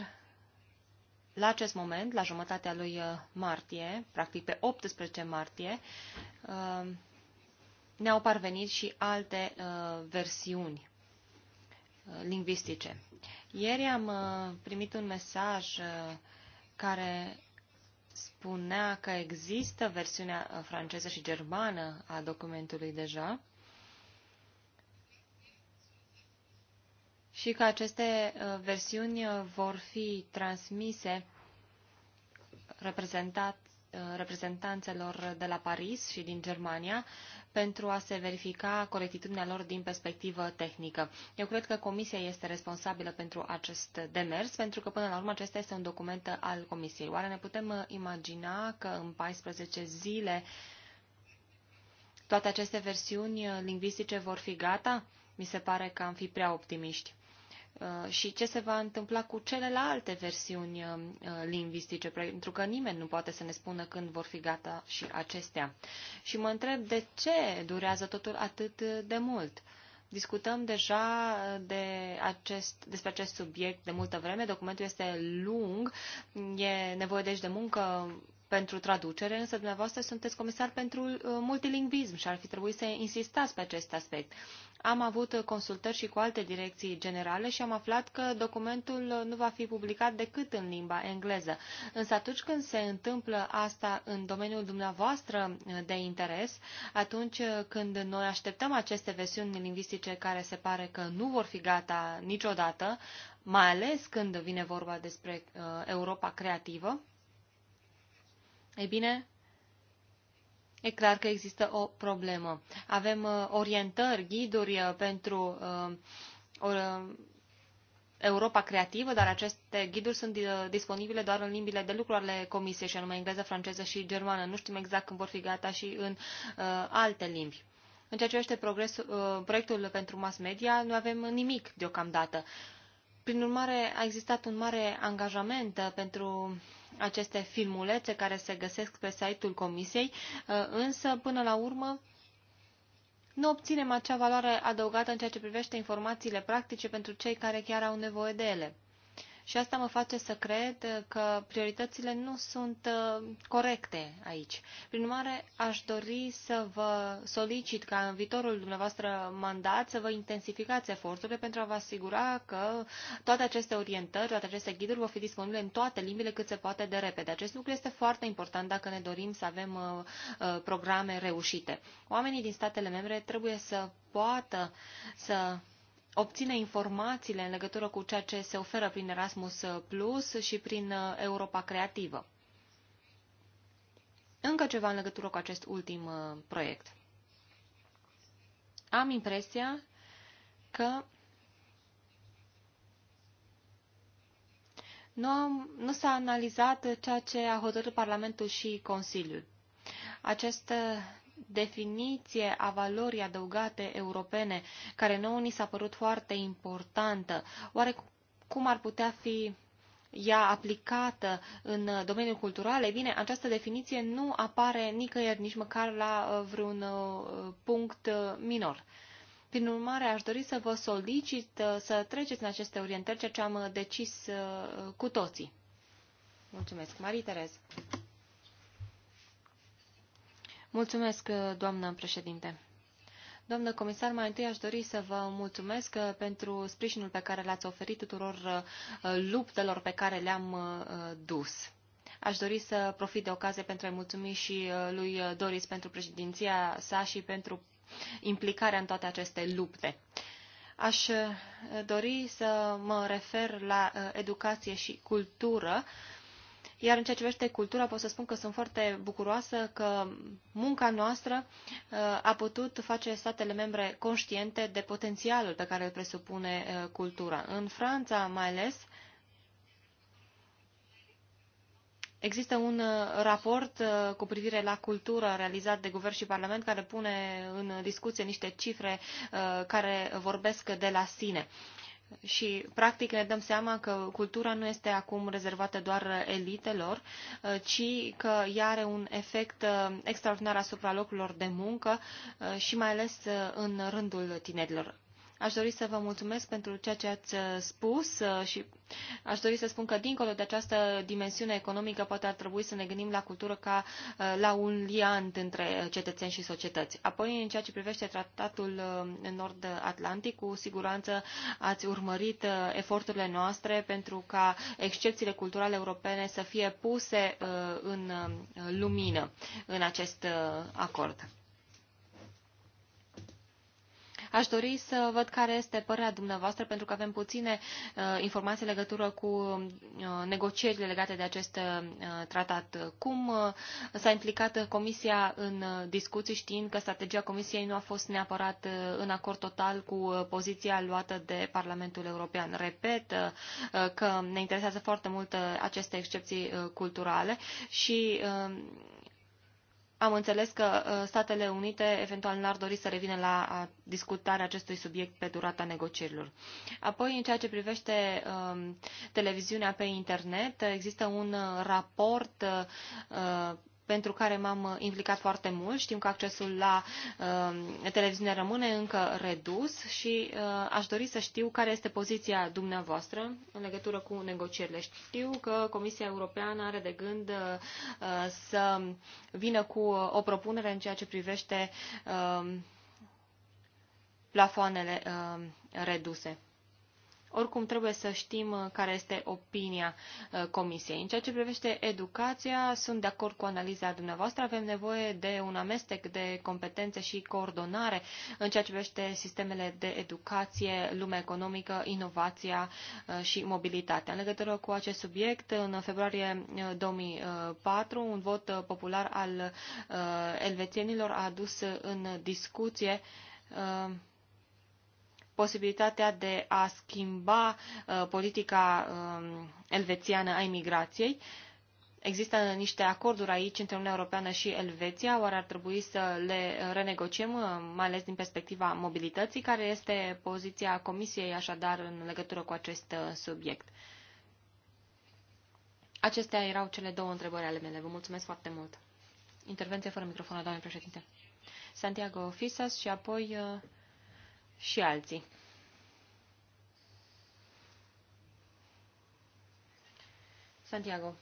Speaker 2: la acest moment, la jumătatea lui uh, martie, practic pe 18 martie, uh, ne-au parvenit și alte uh, versiuni lingvistice. Ieri am primit un mesaj care spunea că există versiunea franceză și germană a documentului deja și că aceste uh, versiuni uh, vor fi transmise reprezentat, uh, reprezentanțelor de la Paris și din Germania pentru a se verifica corectitudinea lor din perspectivă tehnică. Eu cred că Comisia este responsabilă pentru acest demers, pentru că până la urmă acesta este un document al Comisiei. Oare ne putem imagina că în 14 zile toate aceste versiuni lingvistice vor fi gata? Mi se pare că am fi prea optimiști. Uh, și ce se va întâmpla cu celelalte versiuni uh, lingvistice, pentru că nimeni nu poate să ne spună când vor fi gata și acestea. Și mă întreb de ce durează totul atât de mult. Discutăm deja de acest, despre acest subiect de multă vreme, documentul este lung, e nevoie deci de muncă pentru traducere, însă dumneavoastră sunteți comisar pentru uh, multilingvism și ar fi trebuit să insistați pe acest aspect. Am avut uh, consultări și cu alte direcții generale și am aflat că documentul uh, nu va fi publicat decât în limba engleză. Însă atunci când se întâmplă asta în domeniul dumneavoastră de interes, atunci când noi așteptăm aceste versiuni lingvistice care se pare că nu vor fi gata niciodată, mai ales când vine vorba despre Europa creativă, ei bine, e clar că există o problemă. Avem uh, orientări, ghiduri uh, pentru uh, Europa creativă, dar aceste ghiduri sunt disponibile doar în limbile de lucru ale comisiei, și anume engleză, franceză și germană. Nu știm exact când vor fi gata și în uh, alte limbi. În ceea ce privește uh, proiectul pentru mass media, nu avem nimic deocamdată. Prin urmare, a existat un mare angajament pentru aceste filmulețe care se găsesc pe site-ul comisiei, uh, însă până la urmă nu obținem acea valoare adăugată în ceea ce privește informațiile practice pentru cei care chiar au nevoie de ele. Și asta mă face să cred că prioritățile nu sunt uh, corecte aici. Prin urmare, aș dori să vă solicit ca în viitorul dumneavoastră mandat să vă intensificați eforturile pentru a vă asigura că toate aceste orientări, toate aceste ghiduri vor fi disponibile în toate limbile cât se poate de repede. Acest lucru este foarte important dacă ne dorim să avem uh, uh, programe reușite. Oamenii din statele membre trebuie să poată să obține informațiile în legătură cu ceea ce se oferă prin Erasmus Plus și prin uh, Europa Creativă. Încă ceva în legătură cu acest ultim uh, proiect. Am impresia că nu, am, nu s-a analizat ceea ce a hotărât Parlamentul și Consiliul. Acest uh, definiție a valorii adăugate europene, care nouă ni s-a părut foarte importantă. Oare cum ar putea fi ea aplicată în domeniul cultural, Ei bine, această definiție nu apare nicăieri, nici măcar la uh, vreun uh, punct uh, minor. Prin urmare, aș dori să vă solicit să treceți în aceste orientări ceea ce am decis cu toții. Mulțumesc. Marie Terez. Mulțumesc, uh, doamnă președinte. Doamnă comisar, mai întâi aș dori să vă mulțumesc uh, pentru sprijinul pe care l-ați oferit tuturor uh, luptelor pe care le-am dus. Aș dori să profit de ocazie pentru a-i mulțumi și lui Doris pentru președinția sa și pentru implicarea în toate aceste lupte. Aș dori să mă refer la educație și cultură, iar în ceea ce privește cultura, pot să spun că sunt foarte bucuroasă că munca noastră uh, a putut face statele membre conștiente de potențialul pe care îl presupune uh, cultura. În Franța, mai ales, Există un uh, raport cu privire la cultură realizat de Guvern și Parlament care pune în discuție niște cifre care vorbesc de la sine și, practic, ne dăm seama că cultura nu este acum rezervată doar elitelor, uh, ci că ea are un efect uh, extraordinar asupra locurilor de muncă uh, și mai ales în rândul tinerilor. Aș dori să vă mulțumesc pentru ceea ce ați uh, spus uh, și aș dori să spun că dincolo de această dimensiune economică poate ar trebui să ne gândim la cultură ca uh, la un liant între cetățeni și societăți. Apoi, în ceea ce privește tratatul Nord-Atlantic, cu siguranță ați urmărit eforturile noastre pentru ca excepțiile culturale europene să fie puse în lumină în acest acord. Aș dori să văd care este părerea dumneavoastră, pentru că avem puține uh, informații în legătură cu uh, negocierile legate de acest uh, tratat. Cum s-a implicat Comisia în discuții, știind că strategia Comisiei nu a fost neapărat în acord total cu poziția luată de Parlamentul European? Repet că ne interesează foarte mult aceste excepții culturale și am înțeles că uh, Statele Unite eventual n-ar dori să revină la uh, discutarea acestui subiect pe durata negocierilor. Apoi, în ceea ce privește um, televiziunea pe internet, există un uh, raport pentru care m-am uh, implicat foarte mult. Știm că accesul la uh, televiziune rămâne încă redus și uh, aș dori să știu care este poziția dumneavoastră în legătură cu negocierile. Știu că Comisia Europeană are de gând să vină cu o propunere în ceea ce privește plafoanele reduse. Oricum, trebuie să știm uh, care este opinia uh, Comisiei. În ceea ce privește educația, sunt de acord cu analiza dumneavoastră. Avem nevoie de un amestec de competențe și coordonare în ceea ce privește sistemele de educație, lumea economică, inovația uh, și mobilitatea. În legătură cu acest subiect, în februarie 2004, un vot popular al elvețienilor a adus în discuție posibilitatea de a schimba uh, politica uh, elvețiană a imigrației. Există niște acorduri aici între Uniunea Europeană și Elveția, oare ar trebui să le renegociem, uh, mai ales din perspectiva mobilității, care este poziția Comisiei așadar în legătură cu acest uh, subiect. Acestea erau cele două întrebări ale mele. Vă mulțumesc foarte mult. Intervenție fără microfon, doamne președinte. Santiago Fisas și apoi uh, și alții. Santiago.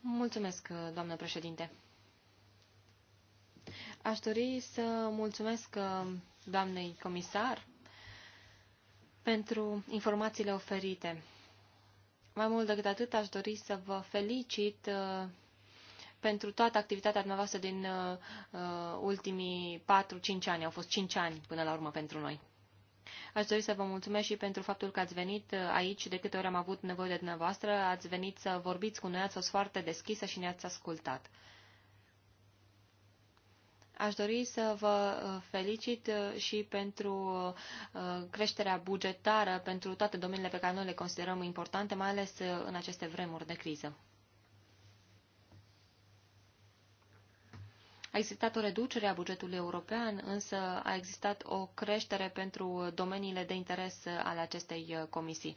Speaker 2: Mulțumesc, doamnă președinte. Aș dori să mulțumesc doamnei comisar pentru informațiile oferite. Mai mult decât atât, aș dori să vă felicit pentru toată activitatea dumneavoastră din uh, uh ultimii 4-5 ani. Au fost 5 ani până la urmă pentru noi. Aș dori să vă mulțumesc și pentru faptul că ați venit uh, aici, de câte ori am avut nevoie de dumneavoastră, ați venit să vorbiți cu noi, ați fost foarte deschisă și ne-ați ascultat. Aș dori să vă uh, felicit și pentru creșterea bugetară, pentru toate domeniile pe care noi le considerăm importante, mai ales în aceste vremuri de criză. A existat o reducere a bugetului european, însă a existat o creștere pentru domeniile de interes ale acestei comisii.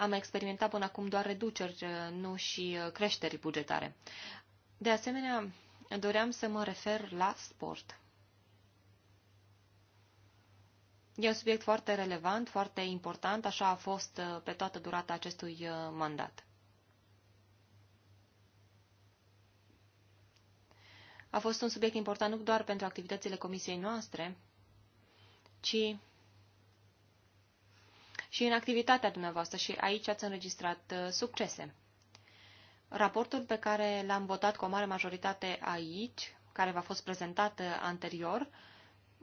Speaker 2: Am experimentat până acum doar reduceri, nu și creșteri bugetare. De asemenea, doream să mă refer la sport. E un subiect foarte relevant, foarte important, așa a fost pe toată durata acestui uh, mandat. a fost un subiect important nu doar pentru activitățile comisiei noastre, ci și în activitatea dumneavoastră și aici ați înregistrat uh, succese. Raportul pe care l-am votat cu o mare majoritate aici, care v-a fost prezentat uh, anterior,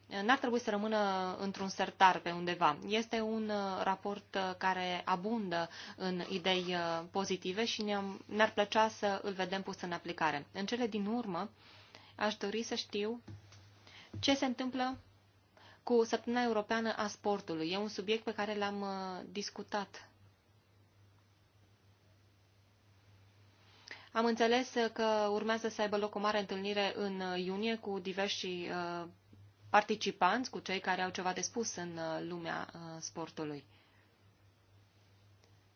Speaker 2: uh, n-ar trebui să rămână într-un sertar pe undeva. Este un raport care abundă în idei pozitive și ne-ar plăcea să îl vedem pus în aplicare. În cele din urmă, Aș dori să știu ce se întâmplă cu Săptămâna Europeană a Sportului. E un subiect pe care l-am uh, discutat. Am înțeles uh, că urmează să aibă loc o mare întâlnire în uh, iunie cu diversi participanți, cu cei care au ceva de spus în lumea sportului.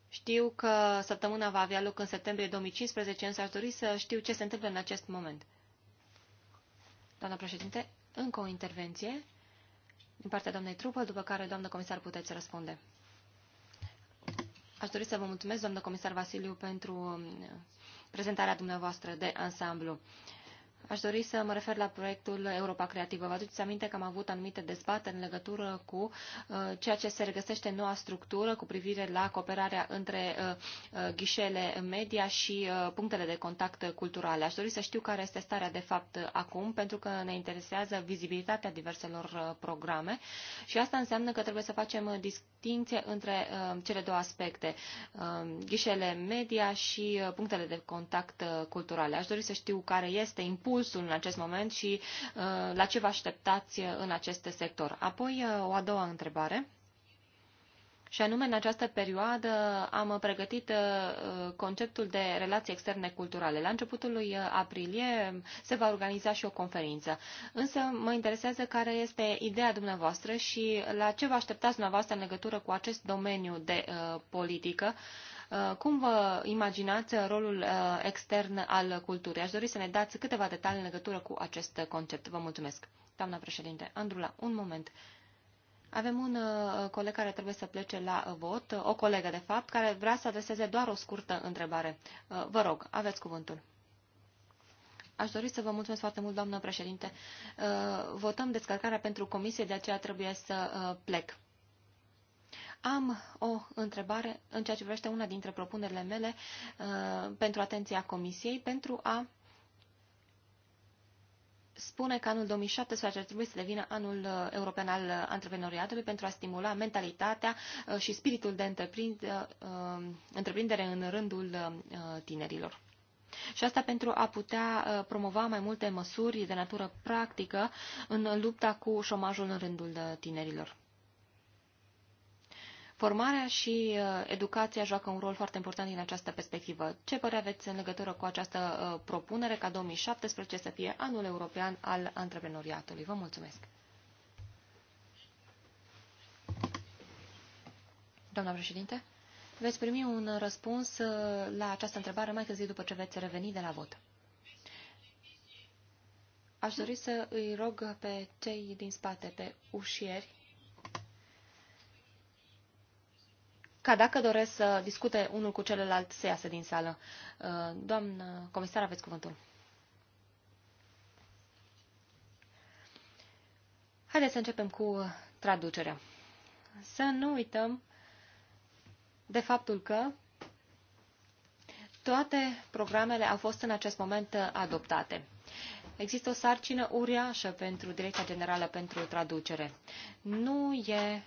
Speaker 2: Știu că săptămâna va avea loc în septembrie 2015, însă aș dori să știu ce se întâmplă în acest moment. Doamna președinte, încă o intervenție din partea doamnei Trupă, după care, doamnă comisar, puteți răspunde. Aș dori să vă mulțumesc, doamnă comisar Vasiliu, pentru uh, prezentarea dumneavoastră de ansamblu. Aș dori să mă refer la proiectul Europa Creativă. Vă aduceți aminte că am avut anumite dezbateri în legătură cu uh, ceea ce se regăsește în noua structură cu privire la cooperarea între uh, uh, ghișele media și punctele de contact culturale. Aș dori să știu care este starea de fapt acum, pentru că ne interesează vizibilitatea diverselor programe și asta înseamnă că trebuie să facem distinție între cele două aspecte, ghișele media și punctele de contact culturale. Aș dori să știu care este impulsul impulsul în acest moment și uh, la ce vă așteptați în acest sector. Apoi, uh, o a doua întrebare. Și anume, în această perioadă am pregătit uh, conceptul de relații externe culturale. La începutul lui aprilie se va organiza și o conferință. Însă mă interesează care este ideea dumneavoastră și la ce vă așteptați dumneavoastră în legătură cu acest domeniu de uh, politică Uh, cum vă imaginați uh, rolul uh, extern al culturii? Aș dori să ne dați câteva detalii în legătură cu acest concept. Vă mulțumesc. Doamna președinte, Andrula, un moment. Avem un coleg care trebuie să plece la vot, o colegă, de fapt, care vrea să adreseze doar o scurtă întrebare. Vă rog, aveți cuvântul. Aș dori să vă mulțumesc foarte mult, doamnă președinte. Votăm descărcarea pentru comisie, de aceea trebuie să plec. Am o întrebare în ceea ce privește una dintre propunerile mele uh, pentru atenția Comisiei, pentru a spune că anul 2017 ar trebui să devină anul uh, european al uh, antreprenoriatului pentru a stimula mentalitatea uh, și spiritul de întreprindere în rândul tinerilor. Și asta pentru a putea promova mai multe măsuri de natură practică în lupta cu șomajul în rândul tinerilor. Formarea și uh, educația joacă un rol foarte important din această perspectivă. Ce părere aveți în legătură cu această uh, propunere ca 2017 să fie anul european al antreprenoriatului? Vă mulțumesc! Doamna președinte, veți primi un răspuns uh, la această întrebare mai târziu după ce veți reveni de la vot. Aș dori să îi rog pe cei din spate, pe ușieri, ca dacă doresc să discute unul cu celălalt, să iasă din sală. Uh, doamnă comisar, aveți cuvântul. Haideți să începem cu traducerea. Să nu uităm de faptul că toate programele au fost în acest moment adoptate. Există o sarcină uriașă pentru Direcția Generală pentru Traducere. Nu e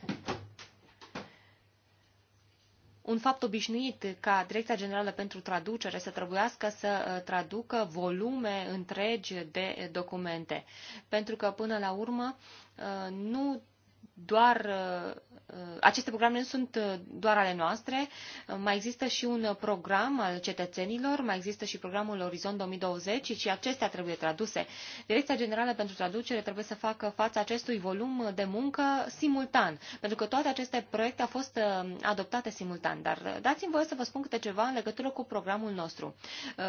Speaker 2: un fapt obișnuit ca Direcția Generală pentru Traducere să trebuiască să uh, traducă volume întregi de documente. Pentru că, până la urmă, uh, nu doar uh, aceste programe nu sunt uh, doar ale noastre, uh, mai există și un program al cetățenilor, mai există și programul Orizont 2020 și acestea trebuie traduse. Direcția Generală pentru Traducere trebuie să facă față acestui volum de muncă simultan, pentru că toate aceste proiecte au fost adoptate simultan. Dar dați-mi voie să vă spun câte ceva în legătură cu programul nostru.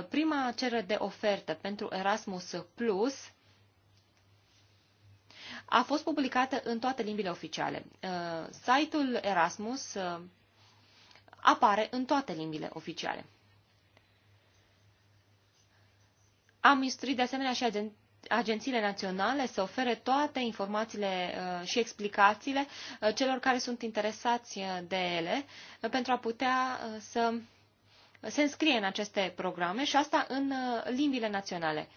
Speaker 2: Prima cerere de ofertă pentru Erasmus Plus a fost publicată în toate limbile oficiale. Uh, site-ul Erasmus uh, apare în toate limbile oficiale. Am instruit de asemenea și agen agențiile naționale să ofere toate informațiile uh, și explicațiile celor care sunt interesați de ele pentru a putea să se înscrie în aceste programe și asta în limbile naționale.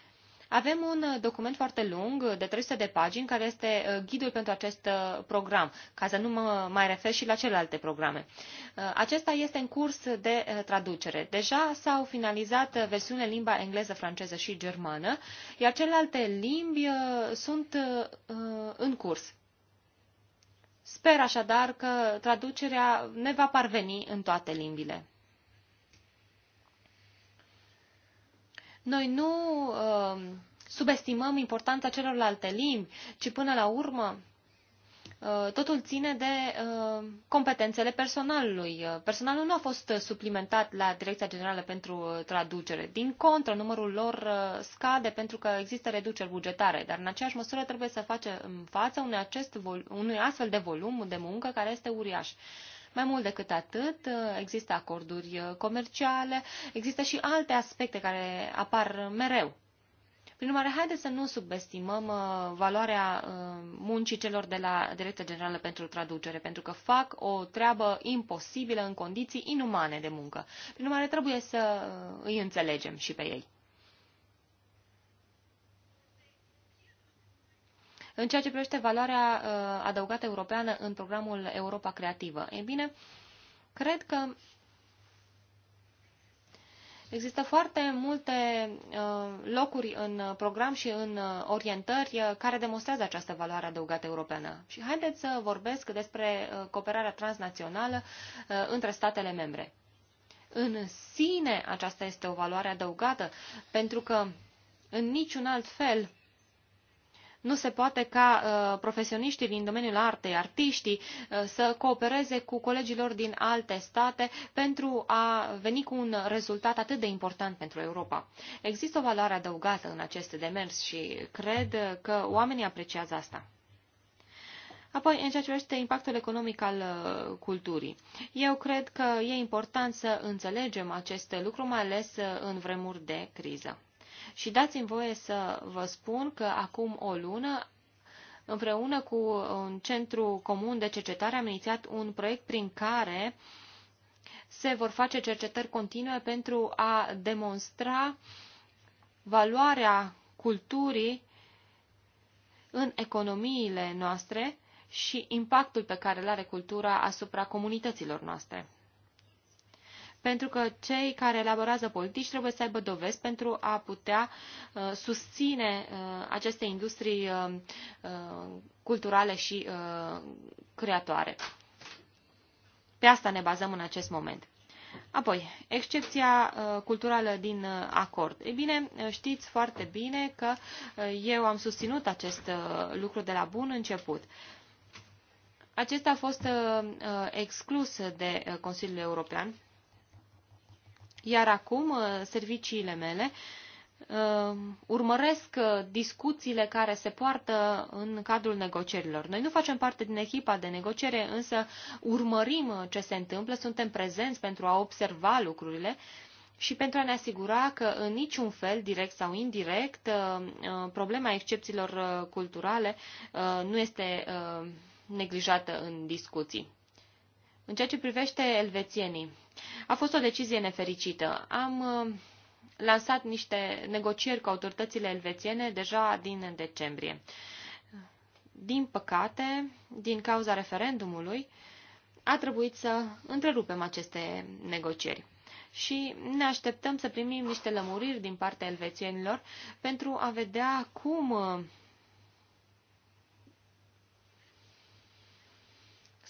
Speaker 2: Avem un uh, document foarte lung, uh, de 300 de pagini, care este uh, ghidul pentru acest program, ca să nu mă mai refer și la celelalte programe. Acesta este în curs de traducere. Deja s-au finalizat versiunile limba engleză, franceză și germană, iar celelalte limbi sunt în curs. Sper așadar că traducerea ne va parveni în toate limbile. Noi nu uh, subestimăm importanța celorlalte limbi, ci până la urmă uh, totul ține de uh, competențele personalului. Uh, personalul nu a fost suplimentat la Direcția Generală pentru Traducere. Din contră, numărul lor scade pentru că există reduceri bugetare, dar în aceeași măsură trebuie să facem față unui, acest unui astfel de volum de muncă care este uriaș. Mai mult decât atât, există acorduri uh, comerciale, există și alte aspecte care apar mereu. Prin urmare, haideți să nu subestimăm uh, valoarea uh, muncii celor de la Direcția Generală pentru Traducere, pentru că fac o treabă imposibilă în condiții inumane de muncă. Prin urmare, trebuie să îi înțelegem și pe ei. În ceea ce privește valoarea uh, adăugată europeană în programul Europa Creativă, e bine, cred că Există foarte multe uh, locuri în program și în uh, orientări care demonstrează această valoare adăugată europeană. Și haideți să vorbesc despre cooperarea transnațională între statele membre. În sine aceasta este o valoare adăugată, pentru că în niciun alt fel nu se poate ca uh, profesioniștii din domeniul artei, artiștii, uh, să coopereze cu colegilor din alte state pentru a veni cu un rezultat atât de important pentru Europa. Există o valoare adăugată în acest demers și cred că oamenii apreciază asta. Apoi, în ceea ce privește impactul economic al uh, culturii. Eu cred că e important să înțelegem acest lucru, mai ales uh, în vremuri de criză. Și dați-mi voie să vă spun că acum o lună împreună cu un centru comun de cercetare am inițiat un proiect prin care se vor face cercetări continue pentru a demonstra valoarea culturii în economiile noastre și impactul pe care îl are cultura asupra comunităților noastre pentru că cei care elaborează politici trebuie să aibă dovezi pentru a putea uh, susține uh, aceste industrii uh, uh culturale și uh, creatoare. Pe asta ne bazăm în acest moment. Apoi, excepția uh, culturală din acord. Ei bine, știți foarte bine că eu am susținut acest lucru de la bun început. Acesta a fost exclus de Consiliul European iar acum, uh, serviciile mele uh, urmăresc uh, discuțiile care se poartă în cadrul negocierilor. Noi nu facem parte din echipa de negociere, însă urmărim ce se întâmplă, suntem prezenți pentru a observa lucrurile și pentru a ne asigura că în niciun fel, direct sau indirect, problema excepțiilor culturale nu este neglijată în discuții. În ceea ce privește elvețienii, a fost o decizie nefericită. Am uh, lansat niște negocieri cu autoritățile elvețiene deja din decembrie. Din păcate, din cauza referendumului, a trebuit să întrerupem aceste negocieri și ne așteptăm să primim niște lămuriri din partea elvețienilor pentru a vedea cum uh,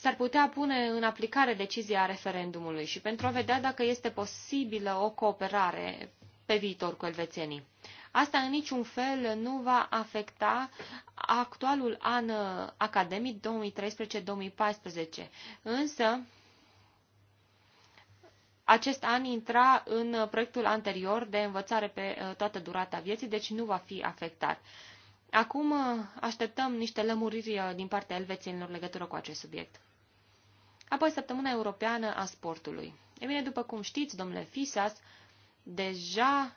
Speaker 2: s-ar putea pune în aplicare decizia referendumului și pentru a vedea dacă este posibilă o cooperare pe viitor cu elvețenii. Asta în niciun fel nu va afecta actualul an academic 2013-2014, însă acest an intra în proiectul anterior de învățare pe uh, toată durata vieții, deci nu va fi afectat. Acum uh, așteptăm niște lămuriri uh, din partea elvețienilor legătură cu acest subiect. Apoi săptămâna europeană a sportului. E bine, după cum știți, domnule Fisas, deja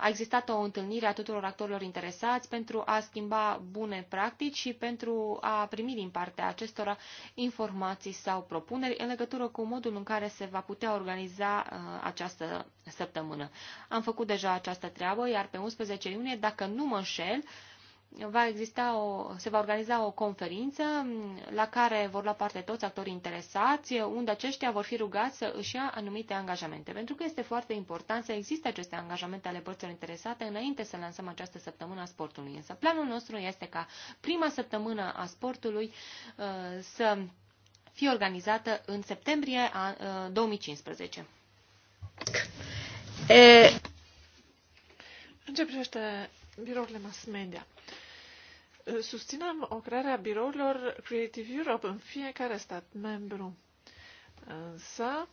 Speaker 2: a existat o întâlnire a tuturor actorilor interesați pentru a schimba bune practici și pentru a primi din partea acestora informații sau propuneri în legătură cu modul în care se va putea organiza uh, această săptămână. Am făcut deja această treabă, iar pe 11 iunie, dacă nu mă înșel, va exista o, se va organiza o conferință la care vor lua parte toți actorii interesați, unde aceștia vor fi rugați să își ia anumite angajamente. Pentru că este foarte important să existe aceste angajamente ale părților interesate înainte să lansăm această săptămână a sportului. Însă planul nostru este ca prima săptămână a sportului uh, să fie organizată în septembrie 2015. Uh,
Speaker 1: e... În ce privește birourile mass media? susținem o creare a birourilor Creative Europe în fiecare stat membru. Însă,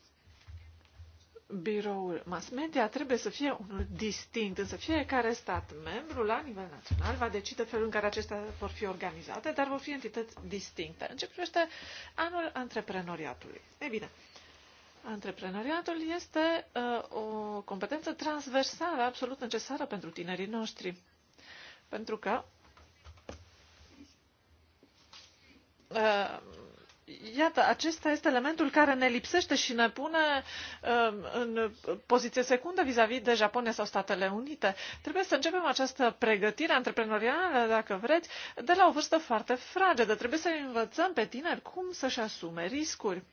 Speaker 1: biroul mass media trebuie să fie unul distinct, însă fiecare stat membru la nivel național va decide felul în care acestea vor fi organizate, dar vor fi entități distincte. În ce privește anul antreprenoriatului? E bine, antreprenoriatul este uh, o competență transversală absolut necesară pentru tinerii noștri, pentru că Uh, iată, acesta este elementul care ne lipsește și ne pune uh, în poziție secundă vis-a-vis de Japonia sau Statele Unite. Trebuie să începem această pregătire antreprenorială, dacă vreți, de la o vârstă foarte fragedă. Trebuie să învățăm pe tineri cum să-și asume riscuri.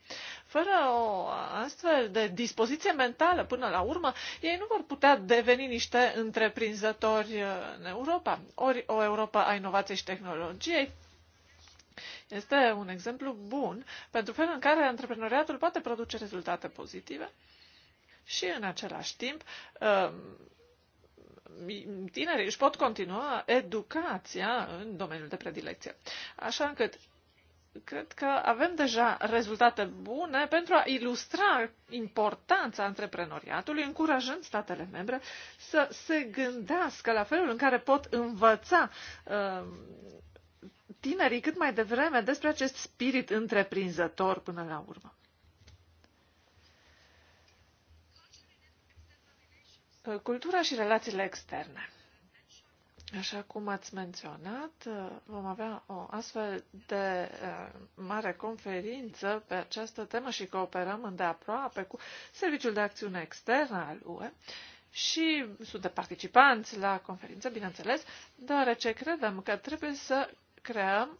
Speaker 1: Fără o astfel de dispoziție mentală, până la urmă, ei nu vor putea deveni niște întreprinzători în Europa. Ori o Europa a inovației și tehnologiei, este un exemplu bun pentru felul în care antreprenoriatul poate produce rezultate pozitive și în același timp um, tinerii își pot continua educația în domeniul de predilecție. Așa încât cred că avem deja rezultate bune pentru a ilustra importanța antreprenoriatului, încurajând statele membre să se gândească la felul în care pot învăța uh, tinerii cât mai devreme despre acest spirit întreprinzător până la urmă. Cultura și relațiile externe. Așa cum ați menționat, vom avea o astfel de eh, mare conferință pe această temă și cooperăm îndeaproape cu Serviciul de Acțiune Externă al UE și sunt de participanți la conferință, bineînțeles, deoarece credem că trebuie să creăm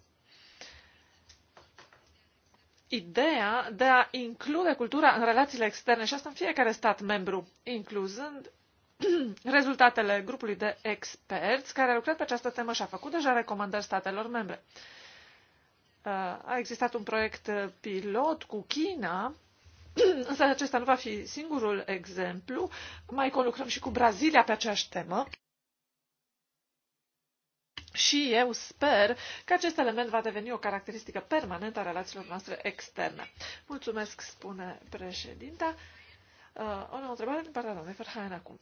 Speaker 1: ideea de a include cultura în relațiile externe și asta în fiecare stat membru, incluzând rezultatele grupului de experți care a lucrat pe această temă și a făcut deja recomandări statelor membre. Uh, a existat un proiect pilot cu China, însă acesta nu va fi singurul exemplu. Mai conlucrăm și cu Brazilia pe aceeași temă. Și eu sper că acest element va deveni o caracteristică permanentă a relațiilor noastre externe. Mulțumesc, spune președinta. Uh, o nouă întrebare din partea doamnei Ferhain acum.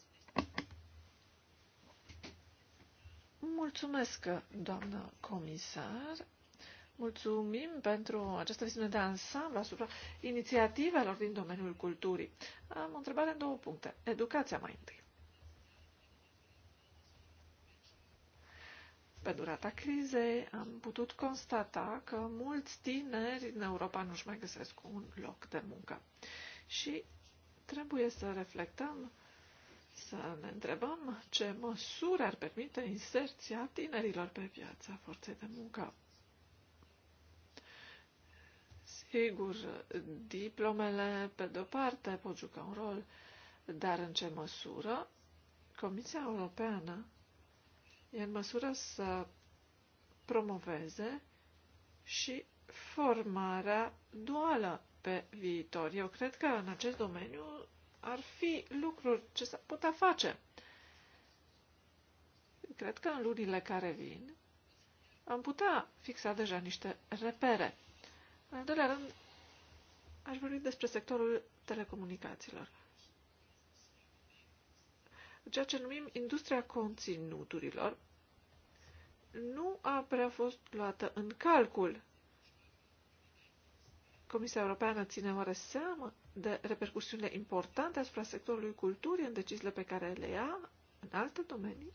Speaker 1: Mulțumesc, doamnă comisar. Mulțumim pentru această viziune de ansamblu asupra inițiativelor din domeniul culturii. Am o întrebare în două puncte. Educația mai întâi. Pe durata crizei am putut constata că mulți tineri în Europa nu-și mai găsesc un loc de muncă. Și trebuie să reflectăm, să ne întrebăm ce măsuri ar permite inserția tinerilor pe piața forței de muncă. Sigur, diplomele, pe de-o parte, pot juca un rol, dar în ce măsură Comisia Europeană e în măsură să promoveze și formarea duală pe viitor. Eu cred că în acest domeniu ar fi lucruri ce s-ar putea face. Cred că în lunile care vin am putea fixa deja niște repere. În al doilea rând, aș vorbi despre sectorul telecomunicațiilor ceea ce numim industria conținuturilor, nu a prea fost luată în calcul. Comisia Europeană ține oare seamă de repercusiunile importante asupra sectorului culturii în deciziile pe care le ia în alte domenii?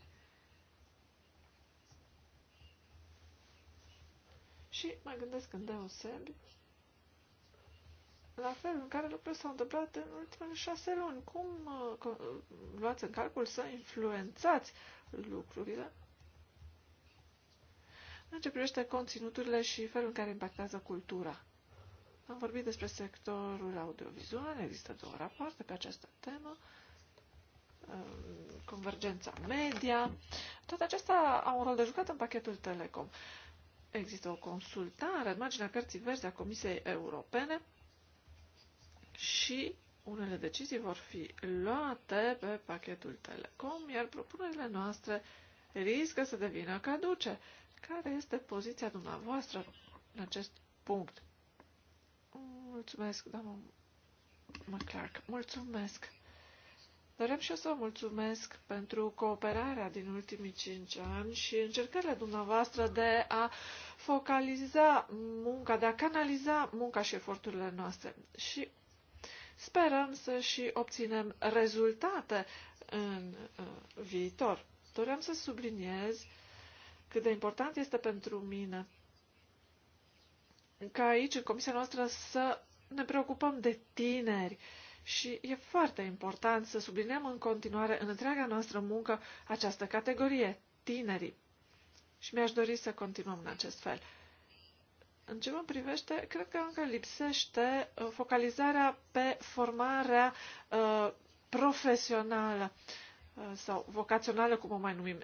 Speaker 1: Și mă gândesc în deosebi la fel în care lucrurile s-au întâmplat în ultimele șase luni. Cum uh, uh, luați în calcul să influențați lucrurile? În ce privește conținuturile și felul în care impactează cultura. Am vorbit despre sectorul audiovizual, există două rapoarte pe această temă, uh, convergența media, toate acestea au un rol de jucat în pachetul Telecom. Există o consultare în marginea cărții verzi a Comisiei Europene și unele decizii vor fi luate pe pachetul Telecom, iar propunerile noastre riscă să devină caduce. Care este poziția dumneavoastră în acest punct? Mulțumesc, doamnă McClark. Mulțumesc. Doream și eu să mulțumesc pentru cooperarea din ultimii cinci ani și încercările dumneavoastră de a focaliza munca, de a canaliza munca și eforturile noastre. Și Sperăm să și obținem rezultate în uh, viitor. Doream să subliniez cât de important este pentru mine ca aici, în comisia noastră, să ne preocupăm de tineri. Și e foarte important să subliniem în continuare în întreaga noastră muncă această categorie, tinerii. Și mi-aș dori să continuăm în acest fel. În ce mă privește, cred că încă lipsește uh, focalizarea pe formarea uh, profesională uh, sau vocațională, cum o mai numim.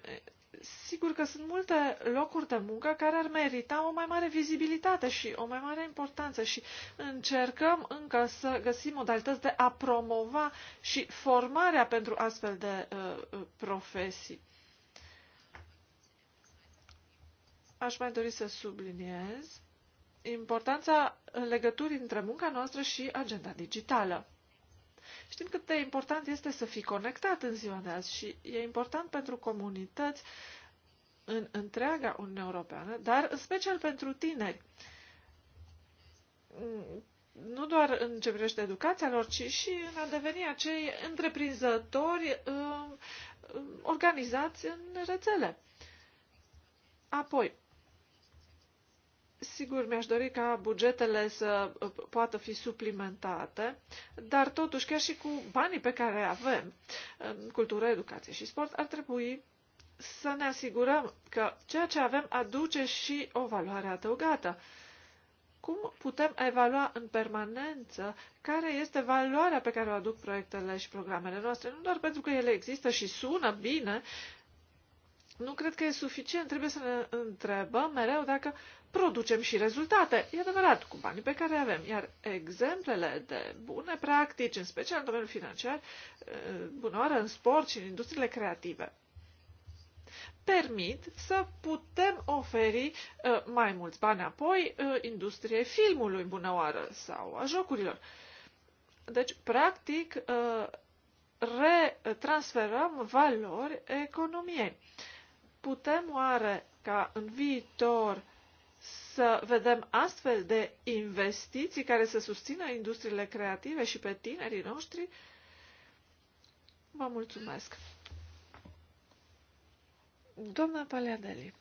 Speaker 1: Sigur că sunt multe locuri de muncă care ar merita o mai mare vizibilitate și o mai mare importanță și încercăm încă să găsim modalități de a promova și formarea pentru astfel de uh, profesii. Aș mai dori să subliniez importanța legăturii între munca noastră și agenda digitală. Știm cât de important este să fii conectat în ziua de azi și e important pentru comunități în întreaga Uniune Europeană, dar în special pentru tineri. Nu doar în ce privește educația lor, ci și în a deveni acei întreprinzători um, um, organizați în rețele. Apoi, Sigur, mi-aș dori ca bugetele să uh, poată fi suplimentate, dar totuși, chiar și cu banii pe care avem, în cultură, educație și sport, ar trebui să ne asigurăm că ceea ce avem aduce și o valoare adăugată. Cum putem evalua în permanență care este valoarea pe care o aduc proiectele și programele noastre, nu doar pentru că ele există și sună bine, nu cred că e suficient. Trebuie să ne întrebăm mereu dacă producem și rezultate, e adevărat, cu banii pe care avem. Iar exemplele de bune practici, în special în domeniul financiar, eh, bună oară în sport și în industriile creative, permit să putem oferi eh, mai mulți bani apoi eh, industriei filmului bună oară sau a jocurilor. Deci, practic, retransferăm valori economiei. Putem oare ca în viitor să vedem astfel de investiții care să susțină industriile creative și pe tinerii noștri. Vă mulțumesc. Doamna Paleadeli.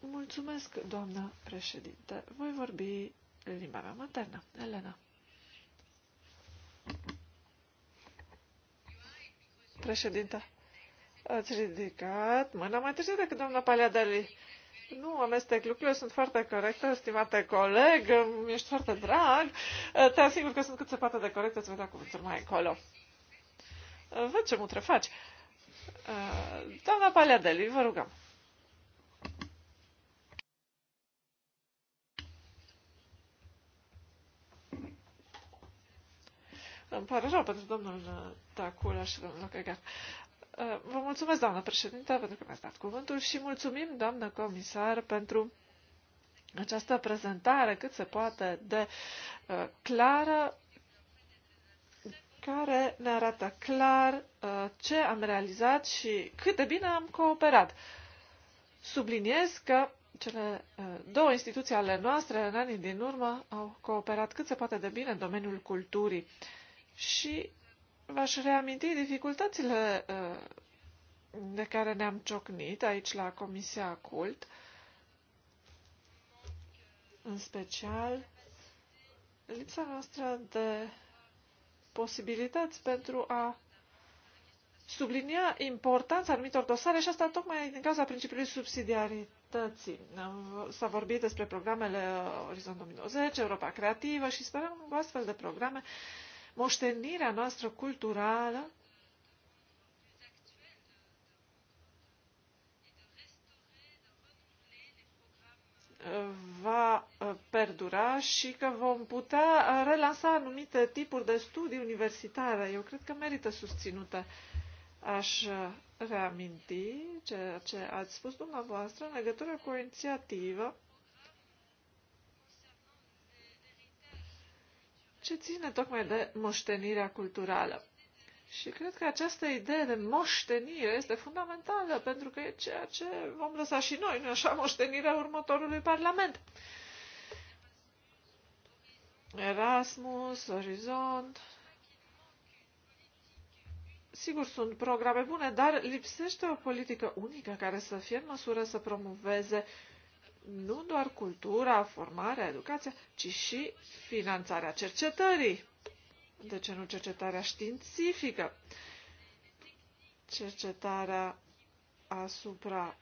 Speaker 1: Mulțumesc, doamna președinte. Voi vorbi limba mea maternă, Elena. Președinte, ați ridicat mâna mai târziu decât doamna Paliadeli. Nu amestec lucrurile, sunt foarte corectă, stimate coleg, ești foarte drag. Te asigur că sunt cât se poate de corectă, îți voi da cuvântul mai încolo. Văd ce mutre faci. Doamna Paliadeli, vă rugăm. Îmi pare rău pentru domnul Tacula uh, și domnul Locăgar. Uh, vă mulțumesc, doamnă președintă, pentru că mi-ați dat cuvântul și mulțumim, doamnă comisar, pentru această prezentare cât se poate de uh, clară, care ne arată clar ce am realizat și cât de bine am cooperat. Subliniez că cele două instituții ale noastre în anii din urmă au cooperat cât se poate de bine în domeniul culturii și v-aș reaminti dificultățile uh, de care ne-am ciocnit aici la Comisia Cult, în special lipsa noastră de posibilități pentru a sublinia importanța anumitor dosare și asta tocmai din cauza principiului subsidiarității. S-a vorbit despre programele Orizont 2020, Europa Creativă și sperăm că astfel de programe uh, moștenirea noastră culturală va uh, perdura și că vom putea uh, relansa anumite tipuri de studii universitare. Eu cred că merită susținută Aș uh, reaminti ceea ce ați spus dumneavoastră în legătură cu o inițiativă ce ține tocmai de moștenirea culturală. Și cred că această idee de moștenire este fundamentală, pentru că e ceea ce vom lăsa și noi, nu așa, moștenirea următorului Parlament. Erasmus, Orizont. Sigur, sunt programe bune, dar lipsește o politică unică care să fie în măsură să promoveze nu doar cultura, formarea, educația, ci și finanțarea cercetării. De ce nu cercetarea științifică? Cercetarea asupra